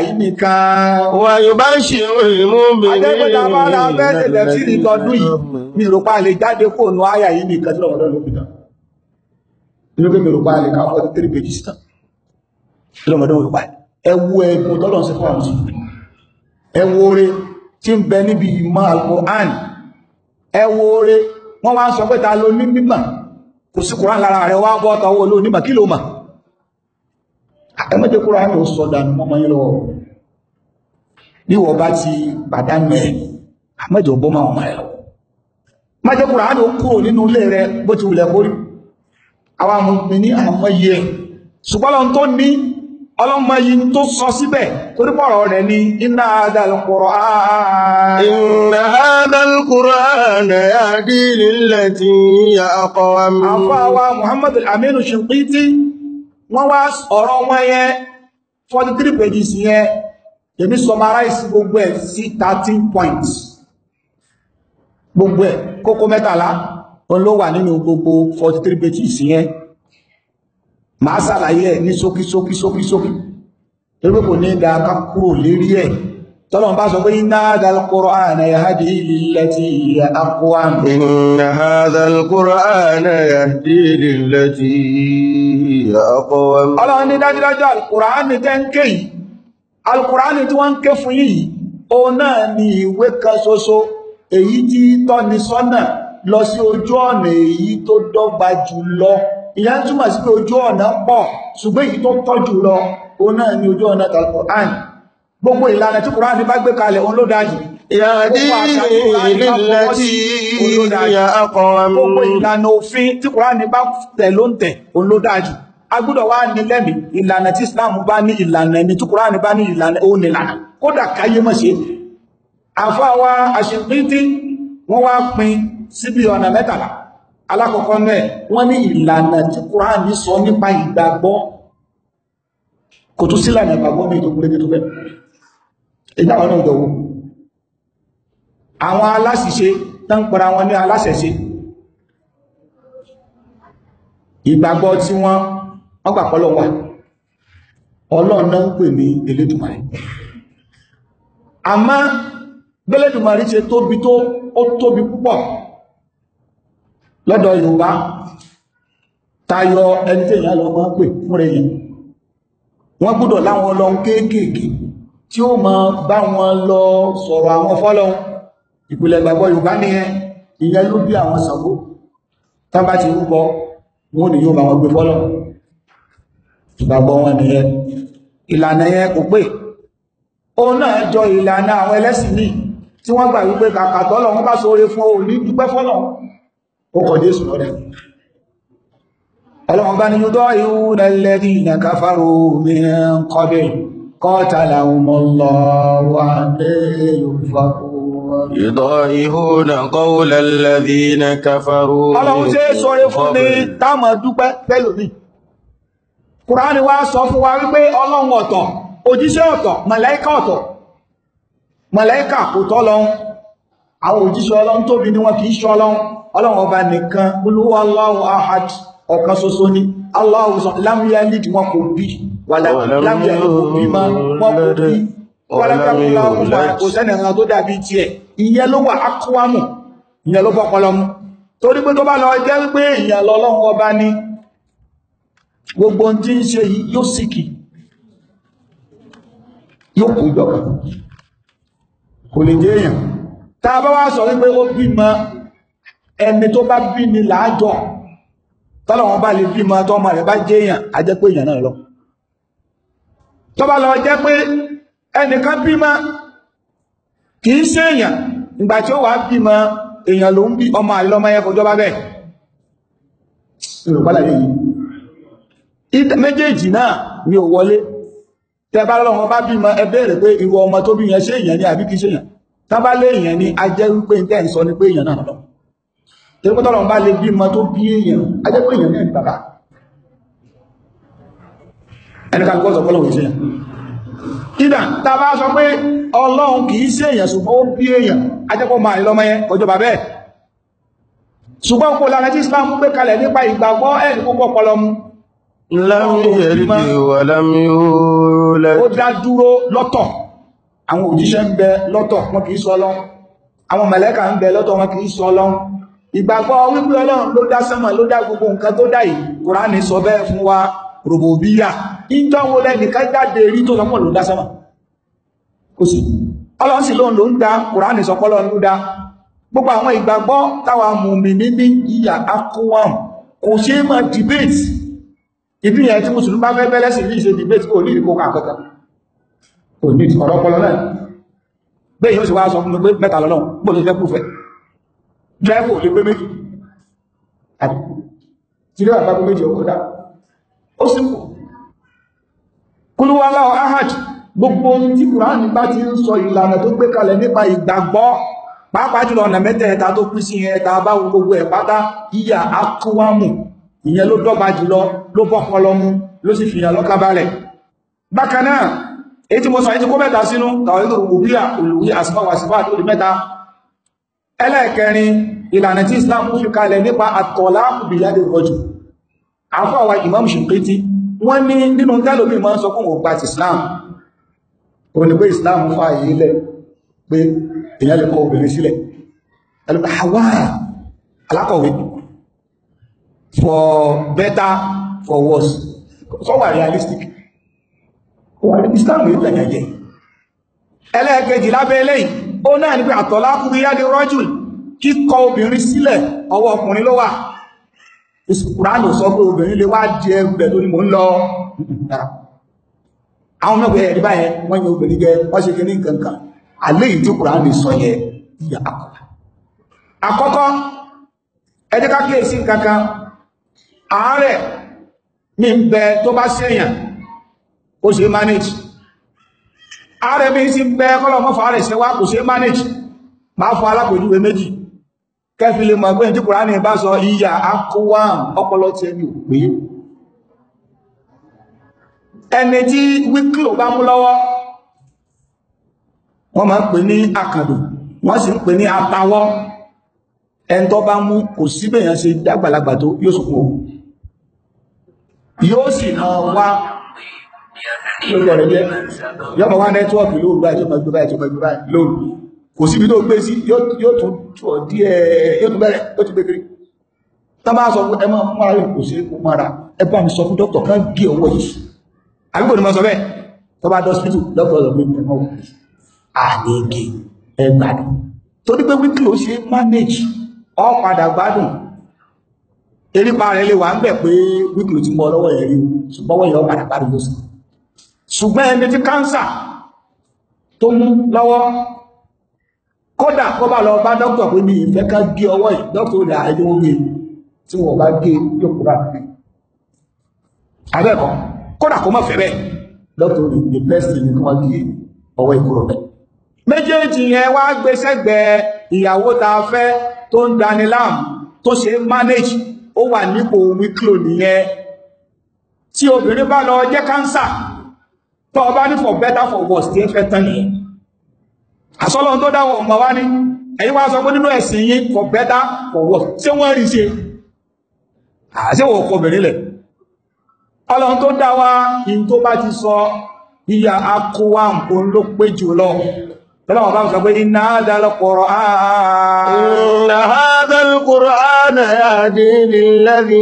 wà yóò bá ṣe òyìnbó mẹ́rin adẹ́gbẹ́ta bá rà bẹ́ẹ̀ sí ìtọ́dún yìí mi rò pa lè jáde fóònù àyà yìí tí lọ́wọ́ lọ́wọ́ lọ́wọ́ ẹwú ẹgbùn tọ́lọ̀ sí fún àwọn mùsùlùmí ẹwú oore tí ń bẹ níbi ìmọ̀ Al-Qur'an ẹwú oore wọ́n wá ń sọ pé ta ló ní mímọ̀ kò sí Qur'an lára rẹ̀ wá bọ́ ọ̀tọ̀ owó olónímọ̀ kí ló mọ̀ ẹmọ́dé Qur'an ò sọ dànù mọ́mọ́ yín ṣùgbọ́n tó ní ọlọ́mọ yìí tó sọ síbẹ̀ torípọ̀rọ̀ rẹ̀ ní iná àdàlùkùrọ̀ ààrẹ iná àdàlùkùrọ̀ ààrẹ yahdi lillati ya aqwam àfáwà Muhammad Aminu Shinqiti wọ́n wá ọ̀rọ̀ wọn yẹn 43 pages yẹn yẹ̀mí summarize gbogbo ẹ̀ sí 13 points gbogbo ẹ̀ kókó mẹ́tàlá olówà nínú gbogbo 43 pages yẹn màá ṣàlàyé ẹ̀ ní ṣókí ṣókí ṣókí ṣókí torí kò ní ga ká kúrò lérí ẹ̀ tọ́lọ̀ bá sọ pé iná dalkúrò ààrẹ ya hadi lillati ya aqwa iná dalkúrò ààrẹ ya hadi lillati ya aqwa ọlọ́run ní dájúdájú alkùránì tẹ́ ń ké yìí alkùránì náà èyí tí tọ́ni sọ́nà lọ sí ojú ọ̀nà èyí tó dọ́gba jù lọ ìyẹn túmọ̀ sí pé ojú ọ̀nà pọ̀ ṣùgbọ́n èyí tó tọ́jú lọ òun náà ni ojú ọ̀nà Al-Qur'an gbogbo ìlànà tí Kùránì bá gbé kalẹ̀ òun ló dájú gbogbo ìlànà òfin tí Kùránì bá tẹ̀ ló ń tẹ̀ òun ló dájú a gbọ́dọ̀ wá ní lẹ́mí ìlànà tí Islam alákọ̀ọ́kọ́ náà wọ́n ní ìlànà tí kùránì sọ nípa ìgbàgbọ́ kò tún sílànà ìgbàgbọ́ mi tó kúrégé tó bẹ́ẹ̀ ìdáwọn náà dọ̀wọ́ àwọn aláṣìṣe tán pẹ̀rẹ̀ wọn ní aláṣẹ̀ṣe ìgbàgbọ́ tí wọ́n wọ́n gbà pọ́lọ̀ wà ọlọ́run náà ń pè ní elédùmarè àmọ́ gbélédùmarè lọ́dọ̀ Yorùbá tayọ ẹni tí èyàn lọ máa pè fún rẹ̀ yìí wọ́n gbọ́dọ̀ láwọn ọlọ́run kéékèèké tí ó máa bá wọn lọ sọ̀rọ̀ àwọn fọ́lọ́run ìpìlẹ̀ ìgbàgbọ́ Yorùbá ní ẹ ìyẹn ló bí àwọn Ṣàngó tán bá ti rúbọ wọn ni yóò bá gbé fọ́lọ́run ìgbàgbọ́ wọn nìyẹn ìlànà ó kọ Jésù lọ́dá ọlọ́run bá ní yúdọ́ ihú lẹ́lẹ́rí ìnà káfàrò mìíràn kọ́bẹ̀ kọ́tàlà ọmọlọ́wà Ìdọ̀ihúnà kọ́wùlẹ̀ lẹ́bí ní kẹfàrú. Ọlọ́run ṣe é sọ́rẹ́ fún ní táàmà dúpẹ́ pẹ́lòmí. Kùránì wá sọ fún wa wípé ọlọ́run ọ̀tọ̀, òjíṣẹ́ ọ̀tọ̀, màláíkà ọ̀tọ̀. Màláíkà kò tọ́ àwọn òjíṣẹ́ ọlọ́run tóbi ní wọn kìí ṣe ọlọ́run ọlọ́run ọba nìkan olówó Allahu ahad ọ̀kan ṣoṣo ni Allahu lam yalid wọn kò bí lam yalid kò bí ma wọn kò bí wọ́lákàmúláwọ̀ gbogbo tí ń ṣe yóò síkì yóò kú ìjọba kò lè jẹ́ èèyàn tá a bá wá sọ wípé ó bímọ ẹni tó bá bí ni làájọ tọ́lọ́wọ́n bá lè bímọ tọ́mọ rẹ̀ bá jẹ́ èèyàn á jẹ́ pé èèyàn náà lọ tó bá lọ jẹ́ pé ẹnìkan bímọ kì í ṣe èèyàn ìgbà tí ó wà bímọ èèyàn ló ń bí ọmọ àìlọ́mọ ẹ̀kọ́ jọba bẹ́ẹ̀ ìrọ̀pálà bá lọ́wọ́ bá bímọ ẹ bẹ̀rẹ̀ pé irú ọmọ tó bí yẹn ṣe èèyàn ni àbí kì ṣe èèyàn tábá lé èèyàn ní ajẹ́ wípé tẹ́ ń sọ ní pé èèyàn náà lọ tẹ́lẹ́pẹ́ tọ́lọ̀ bá lè bí mọ́ tó bí èèyàn ajẹ́ pé èèyàn náà bàbá ẹnìkan kọ́ sọ pọ́lọ̀wọ̀ ìṣẹ́yàn ìdà tábá sọ pé ọlọ́run kì í ṣe èèyàn ṣùgbọ́n ó bí èèyàn ajẹ́ pọ́ máa lọ́mọ yẹn ọjọ́ bàbẹ́ ṣùgbọ́n kò lọ́tọ̀ àwọn òjíṣẹ́ ń bẹ lọ́tọ̀ wọn kìí sọ lọ́n àwọn mẹ̀lẹ́kà ń bẹ lọ́tọ̀ wọn kìí sọ lọ́n ìgbàgbọ́ wípé Ọlọ́run ló dá sánmà ló dá gbogbo nǹkan tó dá yìí Kùránì sọ bẹ́ẹ̀ fún wa rògbòbíyà jáde rí tó sọmọ́ ló dá sánmà kò ní ọ̀rọ̀ ọpọlọ náà bẹ́ẹ̀ yóò sì wá sọ fún mi pé mẹ́ta lọ́nà bó ló fẹ́ kú fẹ́ dráìfù ò lè gbé méjì àti tí ó àpapọ̀ méjì ọkọ̀ dá ó sì kù kúlúwàláwọ̀ ahaj gbogbo ohun tí kùránì bá ti ń sọ ìlànà tó gbé kalẹ̀ nípa ìgbàgbọ́ pàápàá jùlọ ọ̀nà mẹ́tẹ̀ẹ̀ta tó pín sí ẹ̀ta bá gbogbo ẹ̀ pátá yíya akọwàmù ìyẹn ló dọ́gba jùlọ ló bọ́pọlọ ló sì fìyà lọ́kàbalẹ̀ bákan náà èyí tí mo sọ èyí kó mẹ́ta sínú tàwílò rúgbíà olùwí àsìfáwà sífà tó di mẹ́ta ẹlẹ́ẹ̀kẹrin ìlànà tí Islam fi kalẹ̀ nípa àtọ̀lá bìyàdé rọjù Imam Shinkiti wọ́n Islam ó ní Islam fa yìí lẹ̀ pé èèyàn lè kọ obìnrin sílẹ̀ for better for worse so wà realistic Islam yóò tẹ̀yàn jẹ ẹlẹ́ẹ̀kejì lábẹ́ eléyìí ó náà ní pé àtọ́lá kúrú yá di rọ́jù kíkọ obìnrin sílẹ̀ ọwọ́ ọkùnrin ló wà ìsìnkúránù sọ pé obìnrin lè wá di ẹrù rẹ̀ lórí mò ń lọ àwọn mẹ́gbẹ̀ ẹ̀rí báyẹn wọ́n yẹ obìnrin jẹ wọ́n ṣe kíní kankan àlẹ́ ìdí kùránù sọ yẹ ìyà àkọ́kọ́ àkọ́kọ́ ẹ jẹ́ ká kíyèsí kankan àárẹ̀ mi ń bẹ tó ó ṣe manage ààrẹ mi ti bẹ kọ́lọ̀mọ́fà rẹ̀ ṣe wá kò ṣe manage máa fọ alápòjúwe méjì kẹfì lè mọ̀ pé ní Kùránì bá sọ ìyà akọwàm ọpọlọ ti ẹni ò pé ẹni tí wíkìlò bá mú lọ́wọ́ wọ́n máa ń pè ní àkàdù wọ́n sì ń pè ní àtàwọ́ ẹni tó bá mú kò síbèèyàn ṣe dàgbàlagbà tó yóò sùn kò yóò sì náà wá lórí ọ̀rẹ́ jẹ́ yọ́mọ̀ wá nẹ́tíwọ̀kì lóòrù báyìí tó mẹ́gbẹ́ báyìí tó mẹ́gbẹ́ báyìí lóòrù kò síbi tó gbé sí yóò tún tún ọdí ẹ̀ yóò tún bẹ̀rẹ̀ yóò tún gbé kiri tá bá sọ fún ẹmọ mọ́ra yóò kò sí kó mọ́ra ẹgbọ́n kan gé owó yìí àbíkò ni mo sọ bẹ́ẹ̀ tó bá dọ́sítù dókítà lọ gbé ẹmọ wò àníge ẹgbàdùn tó ní pé manage ọ padà gbádùn erípa rẹ lè wà ń bẹ̀ pé wíkì ó ti mọ ọlọ́wọ́ yẹn rí o ṣùgbọ́n ṣùgbọ́n ẹni tí káńsà tó mú lọ́wọ́ kódà kó bá lọ bá dọ́kítọ̀ pé ní ìfẹ́ ká gé ọwọ́ yìí dọ́kítọ̀ ìdá ẹjọ́ omi tí wọ́n bá gé yóò bá fi abẹ́ẹ̀kọ́ kódà kó má fẹ́ bẹ́ẹ̀ dọ́kítọ̀ the best thing kí wọ́n gé ọwọ́ ìkúrò bẹ́ẹ̀ méjèèjì yẹn wá gbé sẹ́gbẹ̀ẹ́ ìyàwó ta fẹ́ tó ń dani láàmú tó ṣe manage ó wà nípò wíklò nìyẹn tí obìnrin bá lọ jẹ́ káńsà tọ́ ọba ní for better for worse tí ń fẹ́ tán nìyẹn àsọ́lọ́n tó dáwọ̀ ọmọ wá ní ẹ̀yin wá sọ pé nínú ẹ̀sìn yín for better for worse ṣé wọ́n rí ṣe àṣẹ́wò kò bẹ̀rẹ̀ lẹ̀ ọlọ́run tó dá wa in tó bá ti sọ ìyà akọwà nǹkan ló pé jù Tọ́lọ́wọ́n bá ń sọ pé iná dálọ́ kọ̀rọ̀ ààrẹ. Àádọ́lù kọ̀rọ̀ ààrẹ àdé nílẹ́bí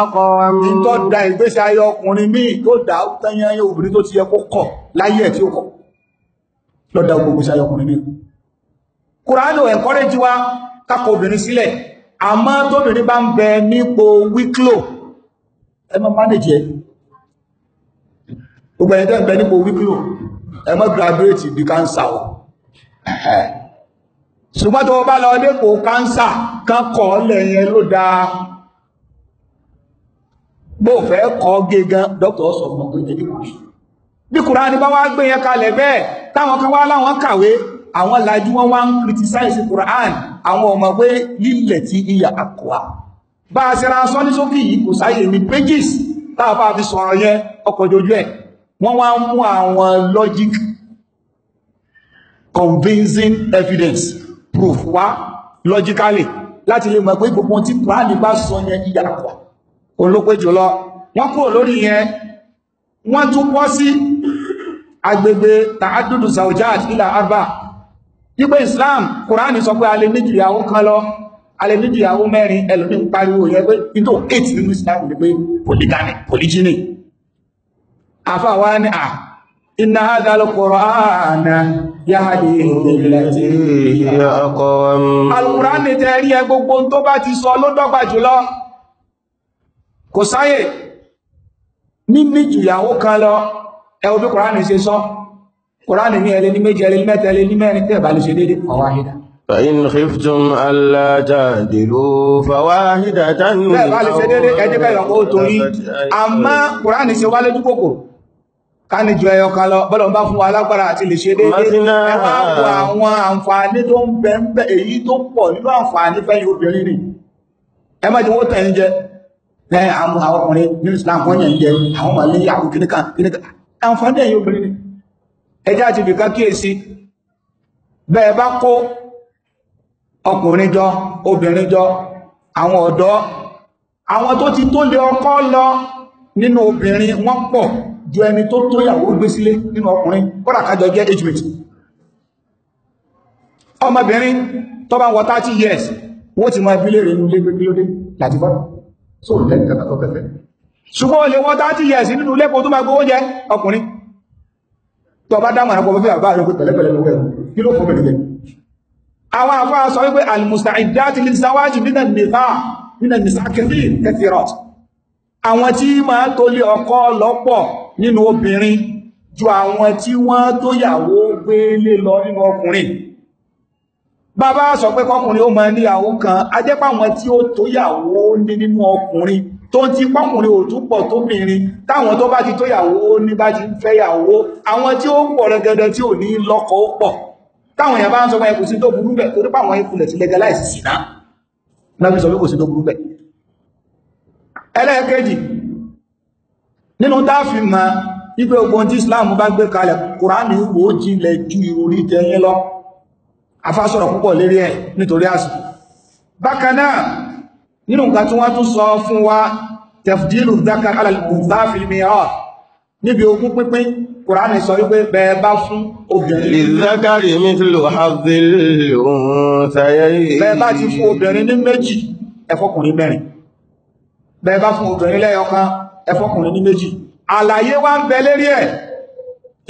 àkọwà mú. Tó da ìgbésí ayé ọkùnrin míì tó dá tẹ́yẹnyẹ obìnrin tó ti yẹ kó kọ̀ láyé tí ó kọ̀. Lọ da gbogbo ìgbésí ayé ọkùnrin míì. Kùránù ẹ̀kọ́rẹ́ ti wá ṣùgbọ́n tó bá lọ káńsà kọ́ lẹ́yìn ló dáa bó fẹ́ kọ́ gẹ́gán dókítà sọ fún ọgbẹ́ tẹ́lẹ̀ bí Kùránì bá wá gbé yẹn kalẹ̀ bẹ́ẹ̀ táwọn kan wá láwọn kàwé àwọn lajú wọn wá ń àwọn ọmọ pé lílẹ̀ tí ìyà bá a ṣẹra sọ ní sókè yìí kò wọ́n wá mú àwọn convincing evidence proof wá logically láti lè mọ̀ pé gbogbo tí kùránì bá sọ yẹn ìyàpọ̀ olópe jùlọ wọ́n kúrò lórí yẹn wọ́n tún pọ́ sí agbègbè tààdùdù saujad ilà arba yípe Islam kùránì sọ pé a lè ní jùyàwó kan lọ a lè ní jùyàwó mẹ́rin ẹlòmí ń pariwo yẹn pé nítò 8 nínú Islam ni pé polygamy polygyny àfà wá ní à إن هذا القرآن يهدي للتي هي أقوم القرآن tẹ́rí ẹ gbogbo tó bá ti sọ ló dọ́gba jùlọ kò sáyè níní jùyàwó kan lọ ẹ wo bí Qur'an ṣe sọ Qur'an ní ẹlẹ́ ní méjì ẹlẹ́ ní mẹ́ta ẹlẹ́ ní mẹ́rin tẹ́ bá lè ṣe déédé fọwáhídà فإن خفتم ألا تعدلوا فواحدة tẹ́ bá lè ṣe déédé ẹjẹ́ kẹ́ yọ̀kọ́ torí àmọ́ Qur'an ṣe wálé dúkòkòrò káni ju ẹyọ kan lọ bọ́lọ̀ bá fún wa lágbára àti lè ṣe déédéé ẹ máa wo àwọn àǹfààní tó ń bẹ ń bẹ èyí tó pọ̀ nínú àǹfààní fẹ́yìn obìnrin rì ẹ má ti wó tẹ̀ ń jẹ ẹ àwọn ọkùnrin nínú Islam wọ́n yẹn ń jẹ àwọn màlẹ́ àwọn kìnnìkan kìnnìkan àǹfààní ẹ̀yìn obìnrin rì ẹjẹ́ àti ibìkan kíyèsí bẹ́ẹ̀ bá kó ọkùnrin jọ obìnrin jọ àwọn ọ̀dọ́ àwọn tó ti tó lé ọkọ lọ nínú obìnrin wọ́n pọ̀ ju ẹni tó tó yàwó gbé sílé nínú ọkùnrin kọ́dà kájọ jẹ́ age mate ọmọbìnrin tó bá wọ 30 years wọ́n ti máa bílé rẹ̀ nílé gbégbélódé láti bọ́ so lẹ́yìn kàkà tó fẹ́fẹ́ ṣùgbọ́n olè wọ́n 30 years nínú ilé kó tó máa gbówó jẹ ọkùnrin tó bá dámọ̀ àpọ̀ fẹ́ àbá àjọ pẹ̀lẹ́pẹ̀lẹ́ lọ́wọ́ ẹ̀rọ kí ló fún bẹ̀rẹ̀ lẹ́yìn àwọn afọ́ sọ wípé al-musta'iddat lil-zawaj nínà nìta nínà nìsa kẹfì kẹfì àwọn tí máa tó lé ọkọ lọ́pọ̀ nínú obìnrin ju àwọn tí wọ́n tó yàwó gbé lé lọ nínú ọkùnrin bàbá sọ pé kọkùnrin ó máa níyàwó kan ajẹ́pá àwọn tí ó tó yàwó ní nínú ọkùnrin tó ti pọ́kùnrin ò túpọ̀ tóbìnrin táwọn tó bá ti tó yàwó ní bá ti fẹ́ yàwó àwọn tí ó pọ̀ rẹ̀gẹ̀dẹ̀ tí ò ní lọ́kọ ó pọ̀ táwọn èèyàn bá ń sọ pé kò sí tó burú bẹ̀ torípàwọn ìpìlẹ̀ ti legalize sí náà náà sọ pé kò sí tó burú bẹ̀ ẹlẹ́ẹ̀kejì nínú táàfì ma wípé ogun tí Islam bá gbé kalẹ̀ kùránì wò jinlẹ̀ ju ìròrí tẹ́yìn lọ afásọ̀rọ̀ púpọ̀ lérí ẹ̀ nítorí nínú nǹkan tí wọ́n tún sọ fún wa tẹ̀fìdìlù dákà alàlùmùsáfìmíọ́ níbi pínpín sọ wípé bá bẹ́ẹ̀ bá fún obìnrin lẹ́yọkan ẹfọ́kùnrin ní méjì àlàyé wá ń bẹ lérí ẹ̀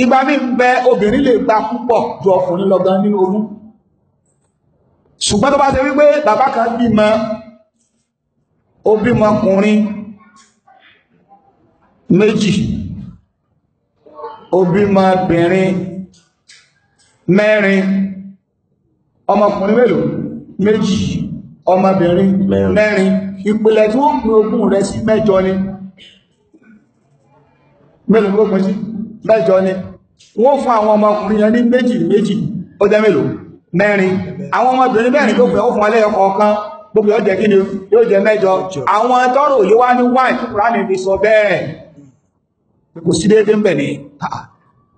ìgbà mí ń bẹ obìnrin lè gba púpọ̀ ju ọkùnrin lọ gan nínú oyún ṣùgbọ́n tó bá ṣe wípé bàbá kan bímọ ó bímọ ọkùnrin méjì ó bímọ obìnrin mẹ́rin ọmọkùnrin mélòó méjì ọmọbìnrin mẹ́rin ìpìlẹ̀ tí wọ́n pín ogún rẹ̀ sí mẹ́jọ ni mélòó ló pín sí mẹ́jọ ni wọ́n fún àwọn ọmọkùnrin yẹn ní méjì méjì ó jẹ́ mélòó mẹ́rin àwọn ọmọbìnrin mẹ́rin tó fẹ́ ó fún ọlẹ́yọ kọ̀ọ̀kan gbogbo yóò jẹ́ kí ni yóò jẹ́ mẹ́jọ àwọn tọ́rọ yóò wá ní wáìtì kúránì fi sọ bẹ́ẹ̀ kò sí déédéé ń bẹ̀ ni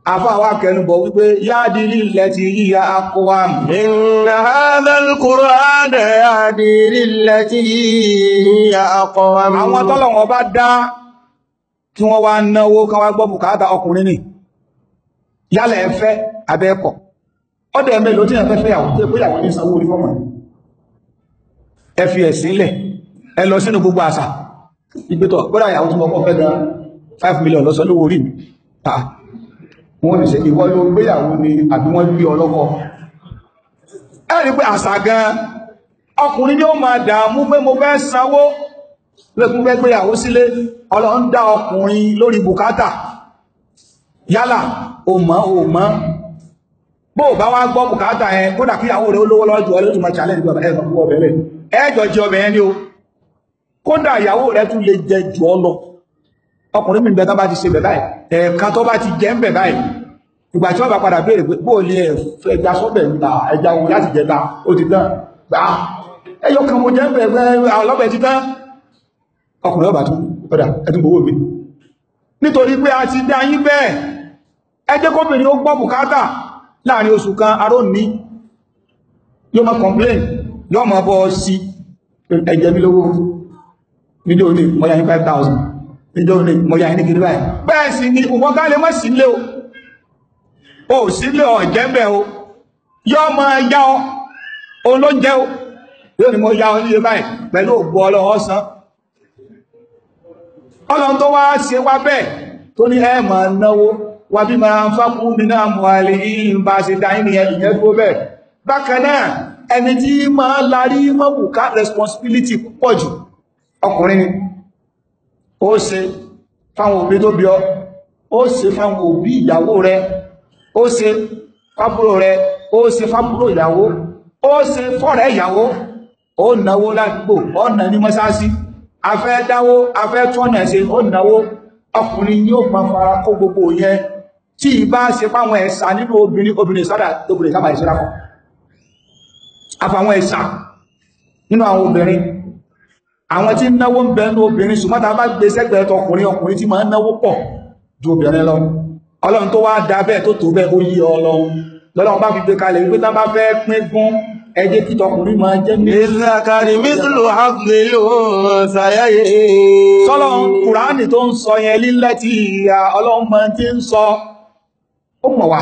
afáwà kẹnubọ̀ wípé yáàdì lílẹ̀ ti ya akọwà inna hadha al-Qur'ana yáàdì lílẹ̀ ti ya akọwà àwọn tọ́lọ̀wọ̀n bá dá kí wọ́n wá náwó kan wá gbọ́ bùkátà ọkùnrin ni yálẹ̀ ẹ̀fẹ́ abẹ́ẹ̀kọ̀ ọdẹ mẹ́lò tí ẹ̀fẹ́ fẹ́yàwó tó ìpéyàwó ní sanwó orí fọ́mọ̀ ẹ fi ẹ̀sílẹ̀ ẹ tí mo kọ́ fẹ́ gan 5 million lọ́sọ lówó orí mi wọ́n lè ṣe ìwọ ló gbéyàwó ni àbí wọ́n gbé ọlọ́kọ ẹ pé àṣà gan ọkùnrin ni ó ma dààmú pé mo sanwó lẹ́kùn gbéyàwó sílé ọlọ́run dá ọkùnrin lórí bukata yálà ò mọ́ mọ́ bó bá wá gbọ́ ẹ ó lówó ọkùnrin mi bẹ tán bá ti ṣe bẹ báyìí ẹ̀ẹ̀kan tó bá ti jẹ ń bẹ báyìí ìgbà tí wọ́n bá padà béèrè pé bóò ní ẹja sọ́bẹ̀ níta ẹja ohun láti jẹta ó ti tán gbà ẹyọ kan mo jẹ́ ń bẹ ọlọ́bẹ̀ ti tán ọkùnrin ọba tó ọ̀dà ẹtùn gbowó mi nítorí pé 5000 níjọ́ ní mọ̀yá ẹni kiri báyìí bẹ́ẹ̀ sì ni òwọ́n ká mọ́ sílé o ò sílé ọ̀ jẹ́bẹ̀ o yọ́ mọ ya ọ òun ló jẹ́ o yóò ní mo ya ọ báyìí pẹ̀lú ògbó ọlọ́wọ́ san tó wá ṣe wá bẹ́ẹ̀ tó ní ẹ náwó wà bí máa ń fákú nínú àmúhalẹ̀ yìí bá ṣe dá ní ìyẹn tó bẹ́ẹ̀ bákan náà ẹni tí máa larí mọ́bùká responsibility púpọ̀ ọkùnrin ó ṣe fáwọn òbí tó bí ọ ó ṣe fáwọn òbí ìyàwó rẹ ó ṣe fábúrò rẹ ó ṣe fábúrò ìyàwó ó ṣe fọ́rẹ̀ ìyàwó ó náwó ládùúgbò ó nà ní mọ́sáàsì afẹ́ dáwó afẹ́ tọ́nà ẹ̀ṣẹ̀ ó náwó ọkùnrin yóò máa fara kó gbogbo yẹn tí ìbá ṣe fáwọn ẹ̀ṣà nínú obìnrin obìnrin sọ́dà tóbi lè sábà ìṣọ́dà kan àfàwọn ẹ̀ṣà nínú àwọn obìnrin àwọn tí náwó ń bẹnu obìnrin ṣùgbọ́ta bá gbé sẹ́gbẹ̀ẹ́ tọkùnrin ọkùnrin tí máa ń náwó pọ̀ ju obìnrin lọ ọlọ́run tó wá da bẹ́ẹ̀ tó tó bẹ́ẹ̀ ó yí ọlọ́run lọ́lọ́run bá fi gbé kalẹ̀ wípé tán bá fẹ́ pín gún ẹjẹ́ tí tọkùnrin máa jẹ́ ní ìzàkàrí mísìlò àfìlò sàyẹ́yẹ sọ́lọ́run kùránì tó ń sọ yẹn lílẹ̀ tí ìyá ọlọ́run máa ti ń sọ ó mọ̀ wá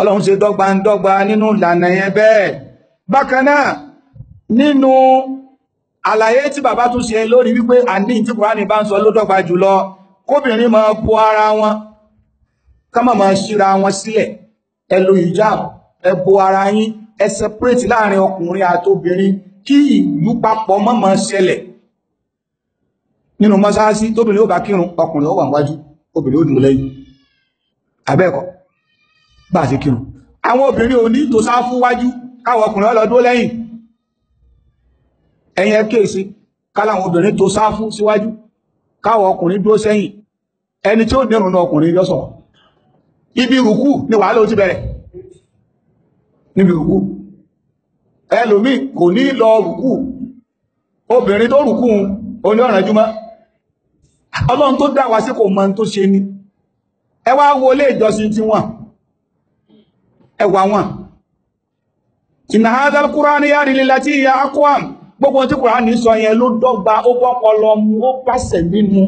ọlọ́run ṣe dọ́gba ń dọ́gba nínú ìlànà yẹn bẹ́ẹ̀ bákan náà nínú àlàyé tí bàbá tún ṣe lórí wípé àní tí kùránì bá ń sọ ló dọ́gba jùlọ kóbìnrin máa bo ara wọn kọ́mọ máa ṣíra wọn sílẹ̀ ẹ lo hijab ẹ bo ara yín ẹ separate láàrin ọkùnrin àtobìnrin kí ìlú papọ̀ mọ́ máa ṣẹlẹ̀ nínú mọ́sáàsí tóbìnrin ó bá kírun ọkùnrin ó wà wájú obìnrin ó dùn lẹ́yìn abẹ́ẹ̀kọ́ bá a ṣe kírun àwọn obìnrin ò ní tòṣáfú wájú káwọn ọkùnrin ó lọ dúró lẹ́yìn ẹ̀yìn ẹ̀kẹ́sí káláwọn obìnrin tó sáfú síwájú káwọn ọkùnrin dúró sẹ́yìn ẹni tí ó nírun náà ọkùnrin yọ́sọ̀ ibi rùkú ni wàhálà ó ti bẹ̀rẹ̀ níbi rùkú ẹlòmí kò ní lọ rùkú obìnrin tó rùkú oní ọ̀ràn júmọ́ ọlọ́run tó dá sí kò mọ tó ṣe ni ẹ wá wo ìjọsìn tí wọ́n ẹwà wọn gbogbo tí kùránì sọ yẹn ló dọ́gba ó bọ́pọlọ mu ó pàṣẹ mímu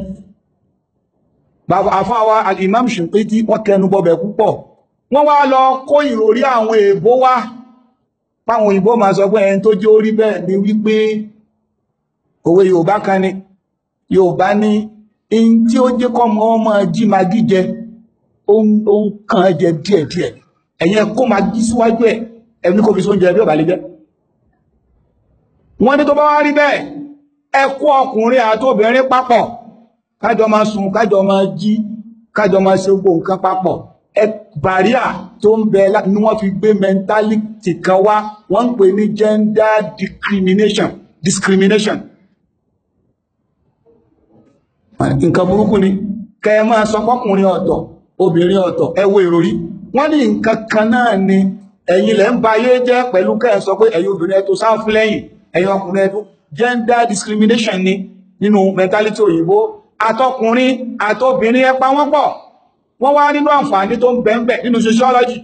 àfáwa al-Imam Shinqiti wọ́n tẹnu bọbẹ̀ púpọ̀ wọ́n wá lọ kó ìròrí àwọn èèbó wá páwọn òyìnbó máa sọ pé ẹni tó jẹ́ orí bẹ́ẹ̀ ni wípé òwe Yorùbá kan ni Yorùbá ní in tí ó jẹ́ kọ́mọ ọmọ jí magí jẹ ó ń kàn jẹ díẹ̀díẹ̀ ẹ̀yẹn kó magí síwájú ẹ̀ ẹ̀mí kò fi sóúnjẹ bí ọ̀bà wọ́n ní tó bá wá rí bẹ́ẹ̀ ẹ kó ọkùnrin àtòbìnrin papọ̀ kájọ máa sùn kájọ máa jí kájọ máa ṣe gbogbo nǹkan papọ̀ ẹ bàríà tó ń bẹ ni wọ́n fi gbé mẹ́ńtálítì kan wá wọ́n ń pè ní gender discrimination discrimination nǹkan burúkú ni kẹ ẹ máa sọ pọ́kùnrin ọ̀tọ̀ obìnrin ọ̀tọ̀ ẹ wo ìròrí wọ́n ní nǹkan kan náà ni ẹ̀yin lẹ́ ń ba ayé jẹ́ pẹ̀lú kẹ́ ẹ sọ pé ẹ̀yin obìnrin ẹ tó sáfù lẹ́yìn ẹ̀yin ọkùnrin ẹ̀dún gender discrimination ni nínú mentality òyìnbó àtọkùnrin àtobìnrin ẹ pa wọ́n pọ̀ wọ́n wá nínú àǹfààní tó ń bẹ̀ẹ̀bẹ̀ nínú sociology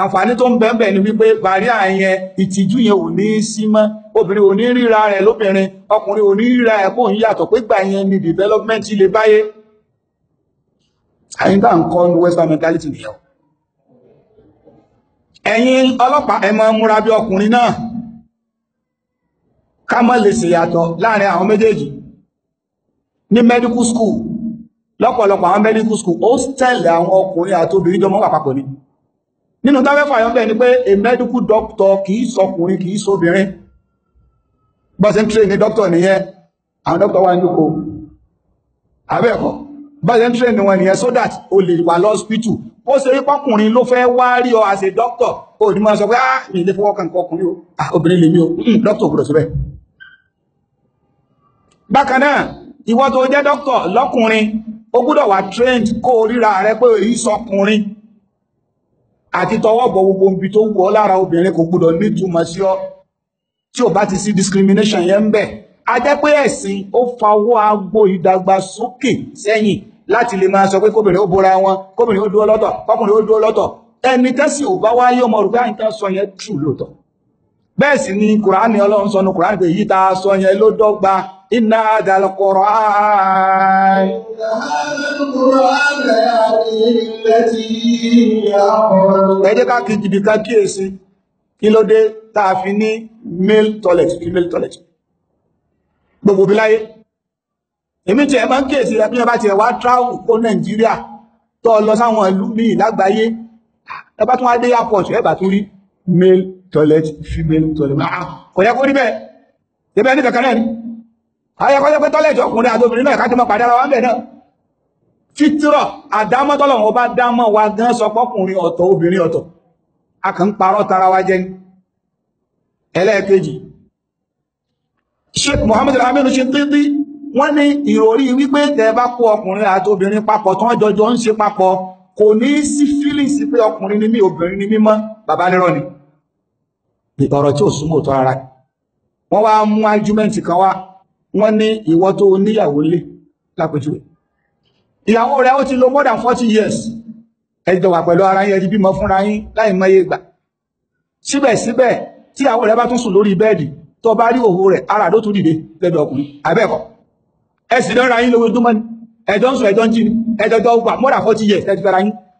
àǹfààní tó ń bẹ̀ẹ̀bẹ̀ ni wípé bàrí àyẹn ìtìjú yẹn ò ní sí mọ́ obìnrin ò ní ríra rẹ̀ lóbìnrin ọkùnrin ò ní ríra ẹ̀ kó ń yàtọ̀ pé gbà yẹn ni development ilé báyé àyíká nǹkan ní western mentality nìyẹn ẹ̀yin ọlọ́pàá ẹ máa múra bí ọkùnrin náà ká má lè ṣe yàtọ̀ láàrin àwọn méjèèjì ní medical school lọ́pọ̀lọpọ̀ àwọn medical school hostel àwọn ọkùnrin àti obìnrin jọmọ́ papọ̀ ni nínú táwẹ́fà yọ́ bẹ́ẹ̀ ni pé a medical doctor kìí sọkùnrin kìí sóbìnrin bọ́sẹ̀ ń train ní doctor nìyẹn àwọn doctor wà nílùú kò abẹ́ẹ̀kọ́ bọ́sẹ̀ ń train ní wọn nìyẹn so that o lè wà lọ́spítù ó ṣe rí pọ́kùnrin ló fẹ́ wá rí ọ as a doctor ó ní máa sọ pé ah mi lè fọwọ́ kan kọkùnrin o ah obìnrin lèmi o hmm, doctor òbúrò síbẹ̀ bákan náà ìwọ tó jẹ́ dókítọ̀ lọ́kùnrin ó gbúdọ̀ wà trained kó o ríra rẹ pé èyí sọkùnrin àti tọwọ́ bọ̀ gbogbo ibi tó wù ọ́ lára obìnrin kò gbúdọ̀ nítumọ̀ sí ọ tí ò bá ti sí discrimination yẹn ń bẹ a jẹ́ pé ẹ̀sìn ó fawọ́ agbo ìdàgbàsókè sẹ́yìn láti lè máa sọ pé kóbìnrin ó bora wọn kóbìnrin ó dúró lọ́tọ̀ kọkùnrin ó dúró lọ́tọ̀ ẹni tẹ́sí ò bá wáyé ọmọ rẹ̀ bá ń tán sọ yẹn true lóòótọ́ bẹ́ẹ̀sì ni kùránì ọlọ́run sọ ní kùránì pé yíta sọ yẹn ló dọ́gba iná àdàlọ́kọ̀rọ̀ ààrẹ ẹjẹ́ ká kí jìdì ká kíyèsí kí ló dé fi ní male toilet toilet gbogbo bí láyé èmi tí ẹ máa ń rẹ̀ bí ti kó nàìjíríà tó lọ sáwọn ìlú míì lágbàáyé tún wá dé airport tún toilet female toilet ah, kò yẹ kó rí bẹ́ẹ̀ ibẹ̀ ní kankan náà ni ayẹ kọ́ yẹ pé toilet ọkùnrin àti obìnrin náà ká tó mọ pàdé ara wa ń bẹ̀ náà títírọ̀ àdámọ́tọ́lọ̀ wọn bá dámọ́ wa gan sọ pọ́kùnrin ọ̀tọ̀ obìnrin ọ̀tọ̀ a kàn ń tara wa jẹ́ ẹlẹ́ẹ̀kejì Sheikh Muhammad Aminu Shinqiti wọ́n ní ìròrí wípé tẹ́ bá kó ọkùnrin àti obìnrin papọ̀ tán jọjọ ń ṣe papọ̀ kò ní sí fílìsì pé ọkùnrin ni mí obìnrin ni mí mọ́ bàbá nírọ̀ ni ọ̀rọ̀ tí ò súnmọ́ tó ara wọ́n wá mú ájúmẹ́ǹtì kan wá wọ́n ní ìwọ tó níyàwó lé lápẹjúwe ìyàwó rẹ̀ ó ti lò more than forty years ẹjọ́ wà pẹ̀lú ara yẹn ti bímọ fúnra yín láì mọye ìgbà síbẹ̀síbẹ̀ tí ìyàwó rẹ̀ bá tún sùn lórí bẹ́ẹ̀dì tó bá rí òhò rẹ̀ ara ló tún dìde lẹ́dọ̀ ọkùnrin àbẹ́ẹ̀kọ́ ẹ sì lọ́ra yín lówó dúnmọ́ ni ń sùn ẹjọ́ ń jí ni ẹjọ́ gbà more than forty years ẹ ti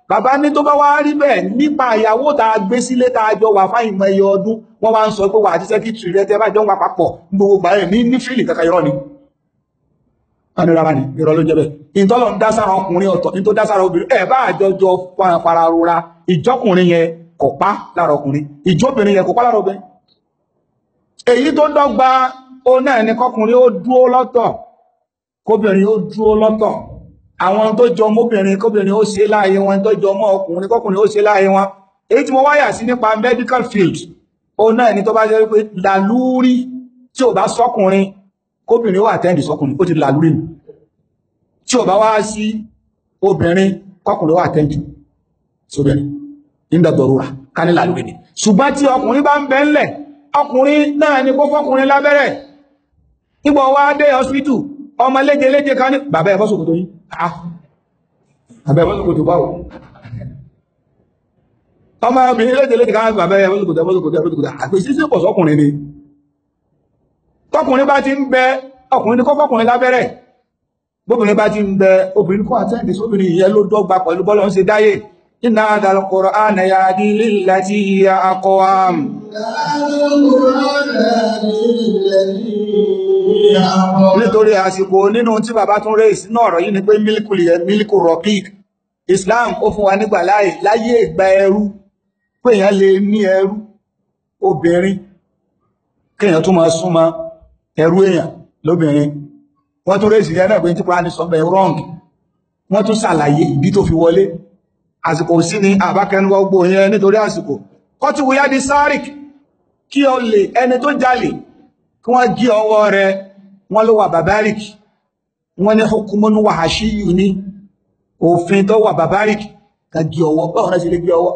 bàbá ní tó bá wá rí bẹ́ẹ̀ nípa ìyàwó tá a gbé sílé tá a jọ wà fáyìn mọ iye ọdún wọ́n wá ń sọ pé wà á ti sẹ́kítìrì rẹ jọ ń wà papọ̀ gbogbo gbà ẹ̀ ní ní fílì kankan irọ́ ni ọ̀nà ìrara ni irọ́ ló jẹ́ bẹ́ẹ̀ ìtọ́lọ̀ ń dá sára ọkùnrin ọ̀tọ̀ ní tó dá sára obìnrin ẹ̀ bá àjọjọ fara rora ìjọkùnrin yẹn kò pa lára ọkùnrin ìjọbìnrin yẹn kò pa lára obìnrin èyí tó dọ́gba ó náà ní kọkùnrin ó dúó lọ́tọ̀ kóbìnrin ó dúó lọ́tọ̀ àwọn tó jọ mọ́bìnrin kóbìnrin ó ṣe láàyè wọn tó jọ mọ́ ọkùnrin kọkùnrin ó ṣe láàyè wọn èyí tí mo wáyà sí nípa medical field ó náà ní tó bá jẹ́ wípé làlúrí tí ò bá sọ́kùnrin kóbìnrin ó àtẹ́ndì sọ́kùnrin ó ti làlúrí nù tí ò bá wá sí obìnrin kọkùnrin ó àtẹ́ndì sóbìnrin nígbàgbọ́rúra ká ní làlúrí ni ṣùgbọ́n tí ọkùnrin bá ń bẹ ńlẹ̀ ọkùnrin náà ni kó fọ́kùnrin lábẹ́rẹ̀ nígbà wá dé hospital ọmọ léjeléje kan ní bàbá ẹ̀fọ́sòkòtò yìí abẹ́ mọ́sùkòtò báwo ọmọ obìnrin lẹ́jẹ̀ lẹ́jẹ̀ káàkiri abẹ́ mọ́sùkòtò mọ́sùkòtò mọ́sùkòtò àpèsí sí pọ̀ sọ́kùnrin ni tọkùnrin bá ti ń bẹ ọkùnrin kọ́ fọkùnrin lábẹ́rẹ̀ bóbìnrin bá ti ń bẹ obìnrin kọ́ àtẹ́ǹdì sóbìnrin ìyẹn ló dọ́gba pẹ̀lú bọ́lọ́ ń ṣe dáyé iná àdàlùkọ̀rọ̀ ànàyà adílé láti ìyá akọ́wàm. Ìdájọ́ nítorí àsìkò nínú tí bàbá tún rẹ̀ sínú ọ̀rọ̀ yìí ni pé mílíkùlì ẹ̀ mílíkù rọ̀kík Islam ó fún wa nígbà láàyè láyé ìgbà ẹrú pé èèyàn lè ní ẹrú obìnrin kéèyàn tún máa súnmọ́ ẹrú èèyàn lóbìnrin wọ́n tún rẹ̀ sí ẹ̀rẹ́ pé típa ní sọ́bẹ̀ wrong wọ́n tún ṣàlàyé ìdí tó fi wọlé àsìkò sí ni àbákẹ́nuwọ́ gbò yẹn nítorí àsìkò kọ́tùwúyá di sáàrìk kí o lè ẹni tó jalè kí wọ́n jí ọwọ́ rẹ̀ wọ́n ló wà barbaric wọ́n ní hukumunu wahashiyu ní òfin tó wà barbaric ká jí ọwọ́ báwọn náà ṣe lè gbé ọwọ́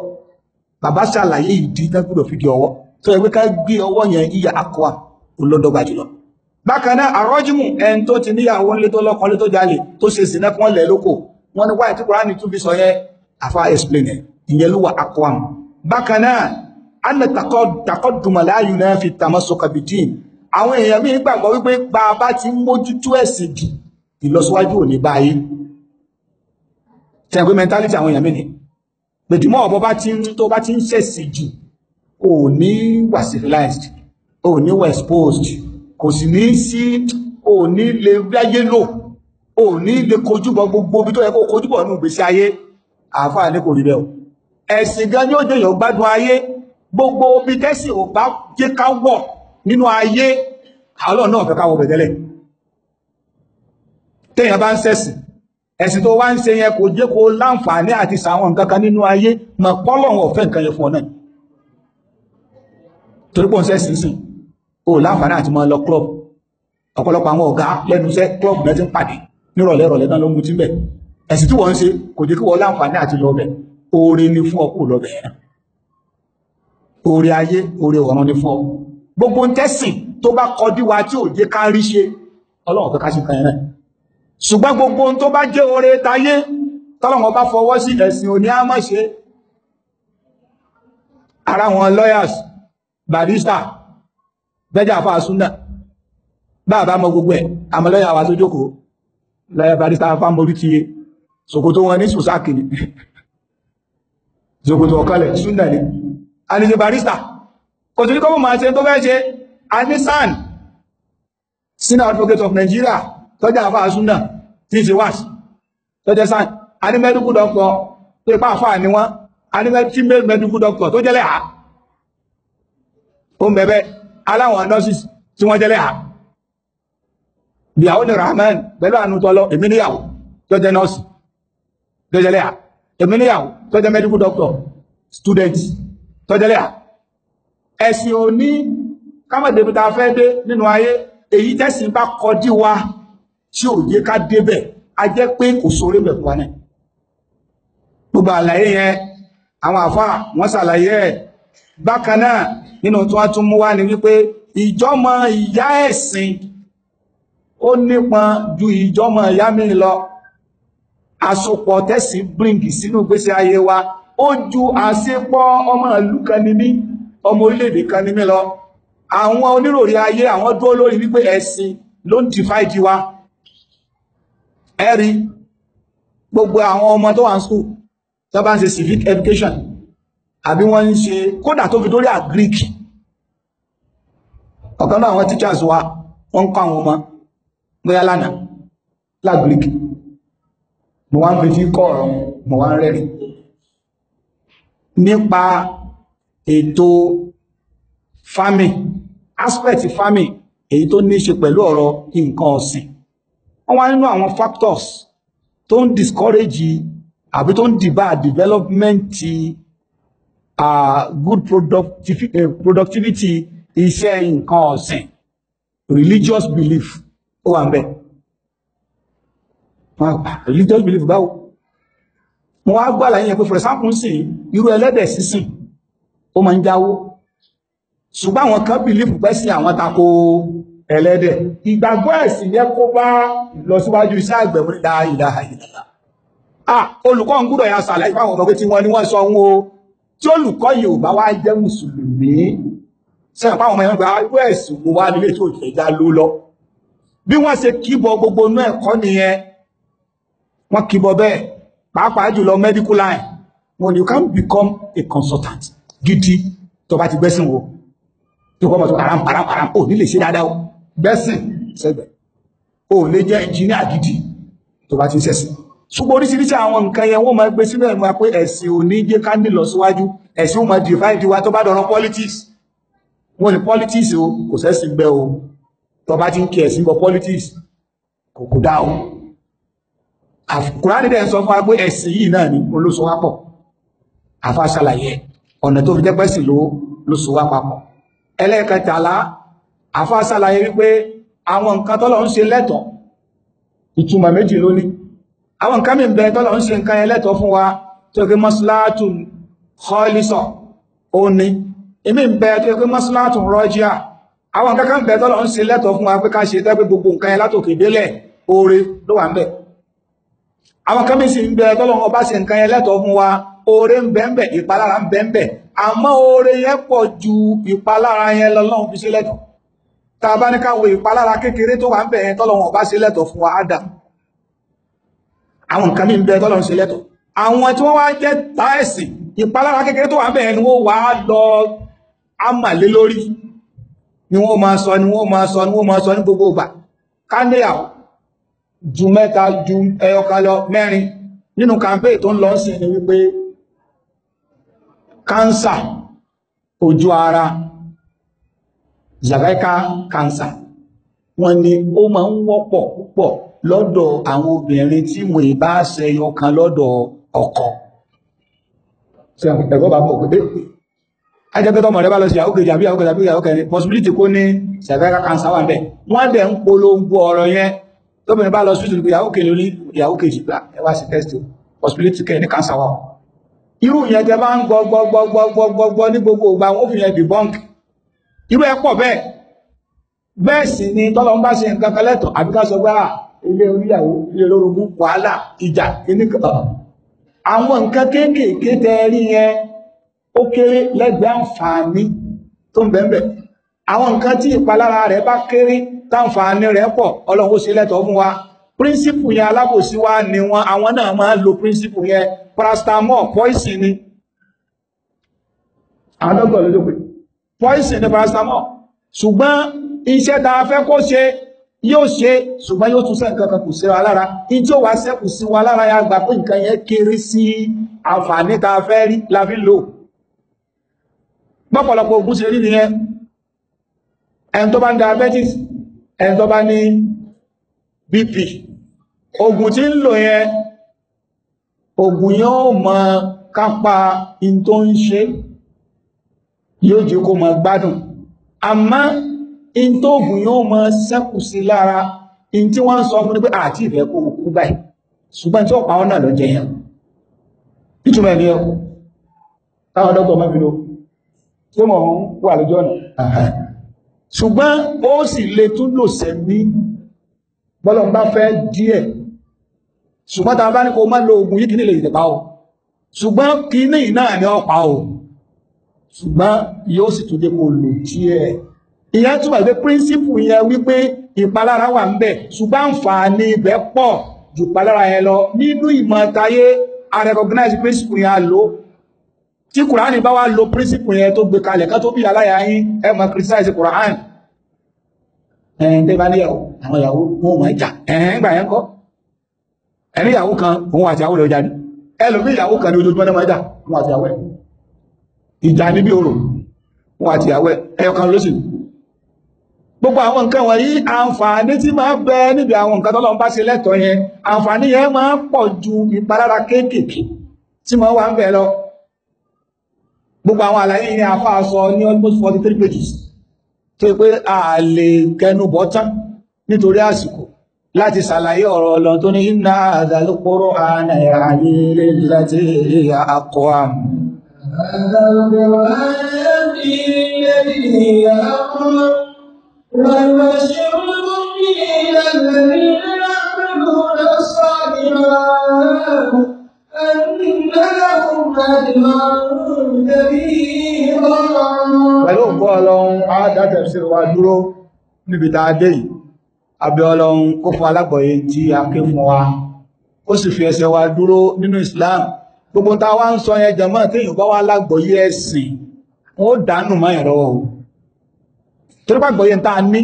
bàbá ṣàlàyé ìdí tágbọ́dọ̀ fi gbé ọwọ́ tó yẹ pé ká gbé ọwọ́ yẹn ìyá akọ́wà olódọ́gba jùlọ bákan náà àrọ́jùmù ẹn tó ti níyàwó nílé tó lọ́kọ nílé tó jalè tó ṣe sìnà kí wọ́n lẹ̀ lóko wọ́n ní wáyé tí àwọn èèyàn míì gbàgbọ́ wípé bá a bá ti ń mójútó ẹ̀sìn dì ìlọsíwájú ò ní báyé tẹ̀gbé mentality àwọn èèyàn míì ni gbèdìmọ̀ ọ̀bọ bá ti ń tó bá ti ń ṣẹ̀sìn jù ò ní wà civilized ò ní wà exposed kò sì ní sí ò ní lè ráyé lò ò ní lè kojúbọ gbogbo ibi tó yẹ kó kojúbọ nínú ìgbésí ayé àáfàá ní kò rí bẹ́ẹ̀ o ẹ̀sìn gan ni ó jẹyàn gbádùn ayé gbogbo omi tẹ́sìn ò bá jẹ́ ká wọ̀ nínú ayé àlọ́ náà fẹ́ káwọ̀ bẹ̀tẹ́lẹ̀ téèyàn bá ń sẹ̀sìn ẹ̀sìn tó wá ń ṣe yẹn kò jẹ́ kó láǹfààní àti sàwọn nǹkan kan nínú ayé mọ̀ pọ́lọ̀wọ̀n ọ̀fẹ́ nǹkan yẹn fún ọ náà torí pọ̀ ń sẹ́sìn sìn ó láǹfààní àti máa lọ club ọ̀pọ̀lọpọ̀ àwọn ọ̀gá lẹ́nu iṣẹ́ club náà ti ń pàdé nírọ̀lẹ́ rọ̀lẹ́ náà ló mú tí ń bẹ̀ ẹ̀sìn tí wọ́n ń ṣe kò jẹ́ kí láǹfààní àti lọ́bẹ̀ oore ni fún ọkù lọ́bẹ̀ oore ayé oore ọ̀run ni fún ọ gbogbo ń tẹ́sìn tó bá kọjú wa tí ò jẹ́ ká rí ṣe ọlọ́run kọ́ká sí kan náà ṣùgbọ́n gbogbo tó bá jẹ́ oore tayé tọ́lọ́wọ́n bá fọwọ́ sí ẹ̀sìn òní àmọ́ ara wọn lawyers barista bẹ́jà fà súnà bàbá mọ gbogbo ẹ̀ àmọ́ lọ́yà wa tó jókòó lọ́yà barista fámorí ti yé ṣòkòtò wọn ní sùsákì ni (laughs) ṣòkòtò ọ̀kọlẹ̀ súnà ni a ní barista kò tún ní kọ́mọ̀ máa ṣe tó fẹ́ ṣe anisan senior advocate of Nigeria tọ́jà àfáà súnà tí ń ṣe wá tọ́jà san ani medical doctor tó ipá àfáà ni wọ́n ani female medical doctor tó jẹ́lẹ̀ à ó ń bẹ̀bẹ̀ aláwọn nurses tí wọ́n jẹ́lẹ̀ à ìyàwó ni Rahman pẹ̀lú àánú tọ́lọ èmi níyàwó tọ́jà nurse tọ́jẹ́lẹ̀ à èmi níyàwó tọ́jà medical doctor student tọ́jẹ́lẹ̀ à ẹ̀sìn ò ní kámọ̀débi tá a fẹ́ dé nínú ayé èyí tẹ́sìn bá kọjú wa tí ò yẹ ká débẹ̀ a jẹ́ pé kò sóore bẹ̀ fún gbogbo àlàyé yẹn àwọn àfa wọn ṣàlàyé ẹ̀ bákan nínú tí wọ́n tún mú wá ni wípé ìjọmọ ìyá ẹ̀sìn ó nípọn ju ìjọmọ ìyá mi lọ àsopọ̀ tẹ́sìn bíríǹgì sínú ìgbésí ayé wa ó ju àṣepọ̀ ọmọ ìlú kan ní mí ọmọ orílẹ̀-èdè kan ní mí lọ àwọn oníròrí ayé àwọn dúró lórí wípé ẹ̀sìn ló ń divide wa ẹ̀rí gbogbo àwọn ọmọ tó wà ń school tó bá ń ṣe civic education àbí wọ́n ń ṣe kódà tó fi dórí agric ọ̀kan náà àwọn teachers wa wọ́n ń kọ́ àwọn ọmọ bóyá lánàá lágric mo wá ń fi tí kọ́ ọ̀rọ̀ mo wá ń rẹ́rìn nípa ètò farming aspect farming èyí tó ní ṣe pẹ̀lú ọ̀rọ̀ nǹkan ọ̀sìn wọ́n wá nínú àwọn factors tó ń discourage àbí tó ń dìbà development uh, good productiv eh, productivity iṣẹ́ nǹkan ọ̀sìn religious belief ó wà ń bẹ̀ religious belief báwo wọ́n á gbà láyé yẹn pé for example ń sìn irú ẹlẹ́dẹ̀ sísìn ó máa ń jáwó ṣùgbọ́n àwọn kan bìlífù pẹ́ sí àwọn tako ẹlẹ́dẹ̀ ìgbàgbọ́ ẹ̀sìn yẹ kó bá ìlọsíwájú iṣẹ́ àgbẹ̀mú nílá ìlà ìlàlá ah olùkọ́ ń gbúdọ̀ ya ṣàlàyé fáwọn ọ̀dọ́ pé tí wọ́n ní wọ́n sọ ń wo tí olùkọ́ yìí ò bá wá jẹ́ mùsùlùmí sẹ́yìn fáwọn ọmọ ẹgbẹ́ irú ẹ̀sìn wo wá nílé tó ìfẹ́ já ló lọ bí wọ́n ṣe kíbọ gbogbo inú ẹ̀kọ́ nìyẹn wọ́n kíbọ bẹ́ẹ̀ pàápàá jùlọ medical line when you can become a consultant gidi tó bá ti gbẹ́sìn wo tó kọ́ mọ̀ tó param param param ò ní lè ṣe dáadáa o gbẹ́sìn sẹ́gbẹ̀ ò lè jẹ́ ẹnjìníà gidi tó bá ti sẹ́sìn ṣùgbọ́n oríṣiríṣi àwọn nǹkan yẹn wọ́n máa gbé síbẹ̀ mọ́ pé ẹ̀sìn ò ní jẹ́ ká ní lọ síwájú ẹ̀sìn ò máa divide wa tó bá dọ̀rọ̀ politics wọ́n ní politics o kò sẹ́sìn gbẹ o tó bá ti ń kí ẹ̀sìn bọ politics kò kò dá o Kùránì dẹ̀ sọ fún wa pé ẹ̀sìn yìí náà ni olóṣòwápọ̀ àfàṣàlàyé ọ̀nà tó fi jẹ́ pẹ́sìn ló ló so wá papọ̀ ẹlẹ́ẹ̀kẹtàlá àfa ṣàlàyé wípé àwọn nǹkan tọ́lọ̀ ń ṣe lẹ́tọ̀ọ́ ìtumọ̀ méjì lóní àwọn nǹkan mi bẹ tọ́lọ̀ ń ṣe nǹkan yẹn lẹ́tọ̀ọ́ fún wa tó kí mọ́sílátù kọ́lísọ̀ ó ní ìmí bẹ tó kí mọ́sílátù rọ́jíà àwọn nǹkan kan bẹ oore ń bẹ́ẹ̀nbẹ̀ ìpalára ń bẹ́ẹ̀nbẹ̀ àmọ́ oore yẹn pọ̀ ju ìpalára yẹn lọ́lọ́run fi sílẹ̀tọ̀ tá a bá ní ká wo ìpalára kékeré tó wà ń bẹ̀ yẹn tọ́lọ́run ọba sílẹ̀tọ̀ fún wa Adam àwọn nǹkan mi ń bẹ tọ́lọ́run sílẹ̀tọ̀ àwọn tí wọ́n wá jẹ́ táẹ̀sì ìpalára kékeré tó wà ń bẹ̀ yẹn ni wọ́n wá lọ àmàlé lórí ni wọ́n máa sọ ni wọ́n máa sọ ni wọ́n máa sọ ní gbogbo ìgbà káníyàwó ju mẹ́ta ju ẹyọkan mẹ́rin nínú kàmpé tó ń lọ sí ni wípé kánsà ojú ara zagaika kánsà wọ́n ní ó máa ń wọ́pọ̀ púpọ̀ lọ́dọ̀ àwọn obìnrin tí mo ì bá ṣẹyọ kan lọ́dọ̀ ọkọ ẹ̀gbọ́n bá bọ̀ pé ajẹ́pẹ́ tọmọ rẹ̀ bá lọ sí àwọn kejì àbí àwọn kejì àbí àwọn kẹrin possibility kó ní cervical cancer wà ń bẹ̀ wọ́n dẹ̀ ń polongo ọ̀rọ̀ yẹn tóbìnrin bá lọ sí ìtùnú ìyàwó kejì ní ìyàwó kejì gbà ẹ wá sí test possibility kẹ́ ní cancer wà irú yẹn tẹ bá ń gbọ́ gbọ́ gbọ́ gbọ́ gbọ́ gbọ́ gbọ́ ní gbogbo ìgbà wọn fi yẹn debunk irú ẹ̀ pọ̀ bẹ́ẹ̀ bẹ́ẹ̀ sì ni tọ́lọ́ ń bá ṣe nǹkan kan lẹ́tọ̀ àbí ká sọ pé à ah, ilé oníyàwó ilé olórogún wàhálà ìjà kìnnìkan àwọn nǹkan kéékèèké tẹ rí yẹn ó kéré lẹ́gbẹ̀ẹ́ àǹfààní tó ń bẹ̀ẹ̀bẹ̀ àwọn nǹkan tí ìpalára rẹ̀ bá kéré táǹfààní rẹ̀ pọ̀ ọlọ́run ó ṣe lẹ́tọ̀ fún wa príncipù yẹn alábòsí wá ní wọn àwọn náà máa lo príncipù yẹn paracetamol poison ni àádọ́gbọ̀ lójó ni paracetamol ṣùgbọ́n iṣẹ́ ta fẹ́ kó ṣe yóò ṣe ṣùgbọ́n yóò tún sẹ́ǹkan kan kù sí wa lára in tí ó wá sẹ́kù sí wa lára ya gbà pé nǹkan yẹn kéré sí àǹfààní ta fẹ́ rí la fi lò pọ́pọ̀lọpọ̀ ogun ṣe rí nìyẹn ẹni tó bá ní diabetes ẹni tó bá ní BP ogun tí ń lò yẹn ogun yẹn ó mọ kápá in tó ń ṣe yóò jẹ́ kó mọ gbádùn àmọ́ in tó ogun yẹn ó mọ sẹ́kù sí lára in tí wọ́n ń sọ fún ní pé àti ìfẹ́ kó kú báyìí ṣùgbọ́n tí ó pa ọ́nà ló jẹ yẹn ìtumọ̀ ẹkù táwọn dọ́kọ̀ mọ́ ló tí mọ̀ ń wà lójú ọ̀nà ṣùgbọ́n ó sì lè tún lò sẹ́mí bọ́lọ̀ ń bá fẹ́ díẹ̀ ṣùgbọ́n ta bá ní kó má lo oògùn yìí kìíní lè ìdẹ̀pá o ṣùgbọ́n kìíní náà ni ọ̀pá o ṣùgbọ́n yóò sì tún dé kó lò díẹ̀ ìyẹn túmọ̀ pé príncípù yẹn wípé ìpalára wà ń bẹ̀ ṣùgbọ́n àǹfààní ibẹ̀ pọ̀ ju ìpalára yẹn lọ nínú ìmọ̀ tayé a recognize príncípù yẹn a lò tí kùránì bá wá lo príncípù yẹn tó gbé kalẹ̀ ká tó bí aláya yín ẹ mọ̀ criticize kùránì ẹ̀ẹ́n tẹ́ bá níyàwó àwọn ìyàwó wọn ò mọ̀ ẹ̀jà ẹ̀ẹ́n gbà yẹn kọ́ ẹni ìyàwó kan òun àti àwọn ìjà ní ẹlòmí ìyàwó kan ní ojoojúmọ́ náà mọ́jà òun àti àwẹ́ ìjà ní bí orò òun àti àwẹ́ ẹyọkan lóṣù gbogbo àwọn nǹkan wọ̀nyí àǹfààní tí máa bẹ níbi àwọn nǹkan tọ́lọ́ bá ṣe lẹ́tọ̀ọ́ yẹn àǹfààní yẹn máa pọ̀ ju ìpalára kéékèèké tí máa wà ń bẹ lọ gbogbo àwọn àlàyé yẹn àfa sọ ní almost forty three pages tó yẹ pé a lè kẹnu bọ́ tán nítorí àsìkò láti ṣàlàyé ọ̀rọ̀ ọlọ́ tó ní inna hadhal qur'ana yahdi lillati hiya aqwam Pẹ̀lú ọ̀pọ̀ ọlọ́run, a dá tẹ̀síwá dúró níbi tàà yìí. abẹ́ ọlọ́run kó fún alágbọ̀yé tí a ké fún wa ó sì fi ẹsẹ̀ wa dúró nínú Islam gbogbo ta wá ń sọ yẹn jẹmọ́ tí yóò bá wá lágbọ̀yé ẹ̀sìn wọ́n dánù mọ́ ìrọwọ́ o torípa gbọ̀yé ta ní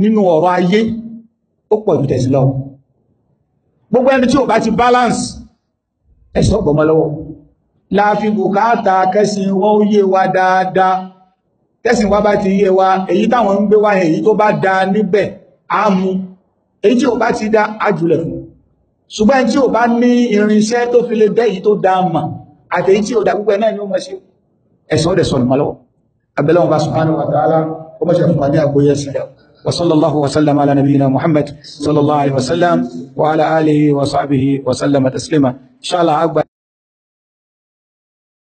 nínú ọ̀rọ̀ ayé ó pọ̀ jù tẹ̀sí gbogbo ẹni tí ò bá ti balance ẹ̀sìn ọgbọ̀mọ́ lọ́wọ́ láàfin bùkátà kẹsìn wọ́n ó yé wa dáadáa kẹsìn wa bá ti yé wa èyí táwọn ń gbé wa èyí tó bá dáa níbẹ̀ á mú èyí tí ò bá ti dá ájúlẹ̀ fún ṣùgbọ́n ẹni tí ò bá ní irinṣẹ́ tó fi lè dẹ́yí tó dá mà àtẹ̀yí tí ò dá púpẹ́ náà ni ó mọ̀ sí ẹ̀sán ọ̀dẹ̀ sọ̀nù mọ́lọ́wọ́ abẹ́lẹ́ wọn bá subhanahu wa ta'ala ó sallallahu wa sallam ala nabiyyina muhammad sallallahu alaihi wa sallam wa ala alihi wa sahbihi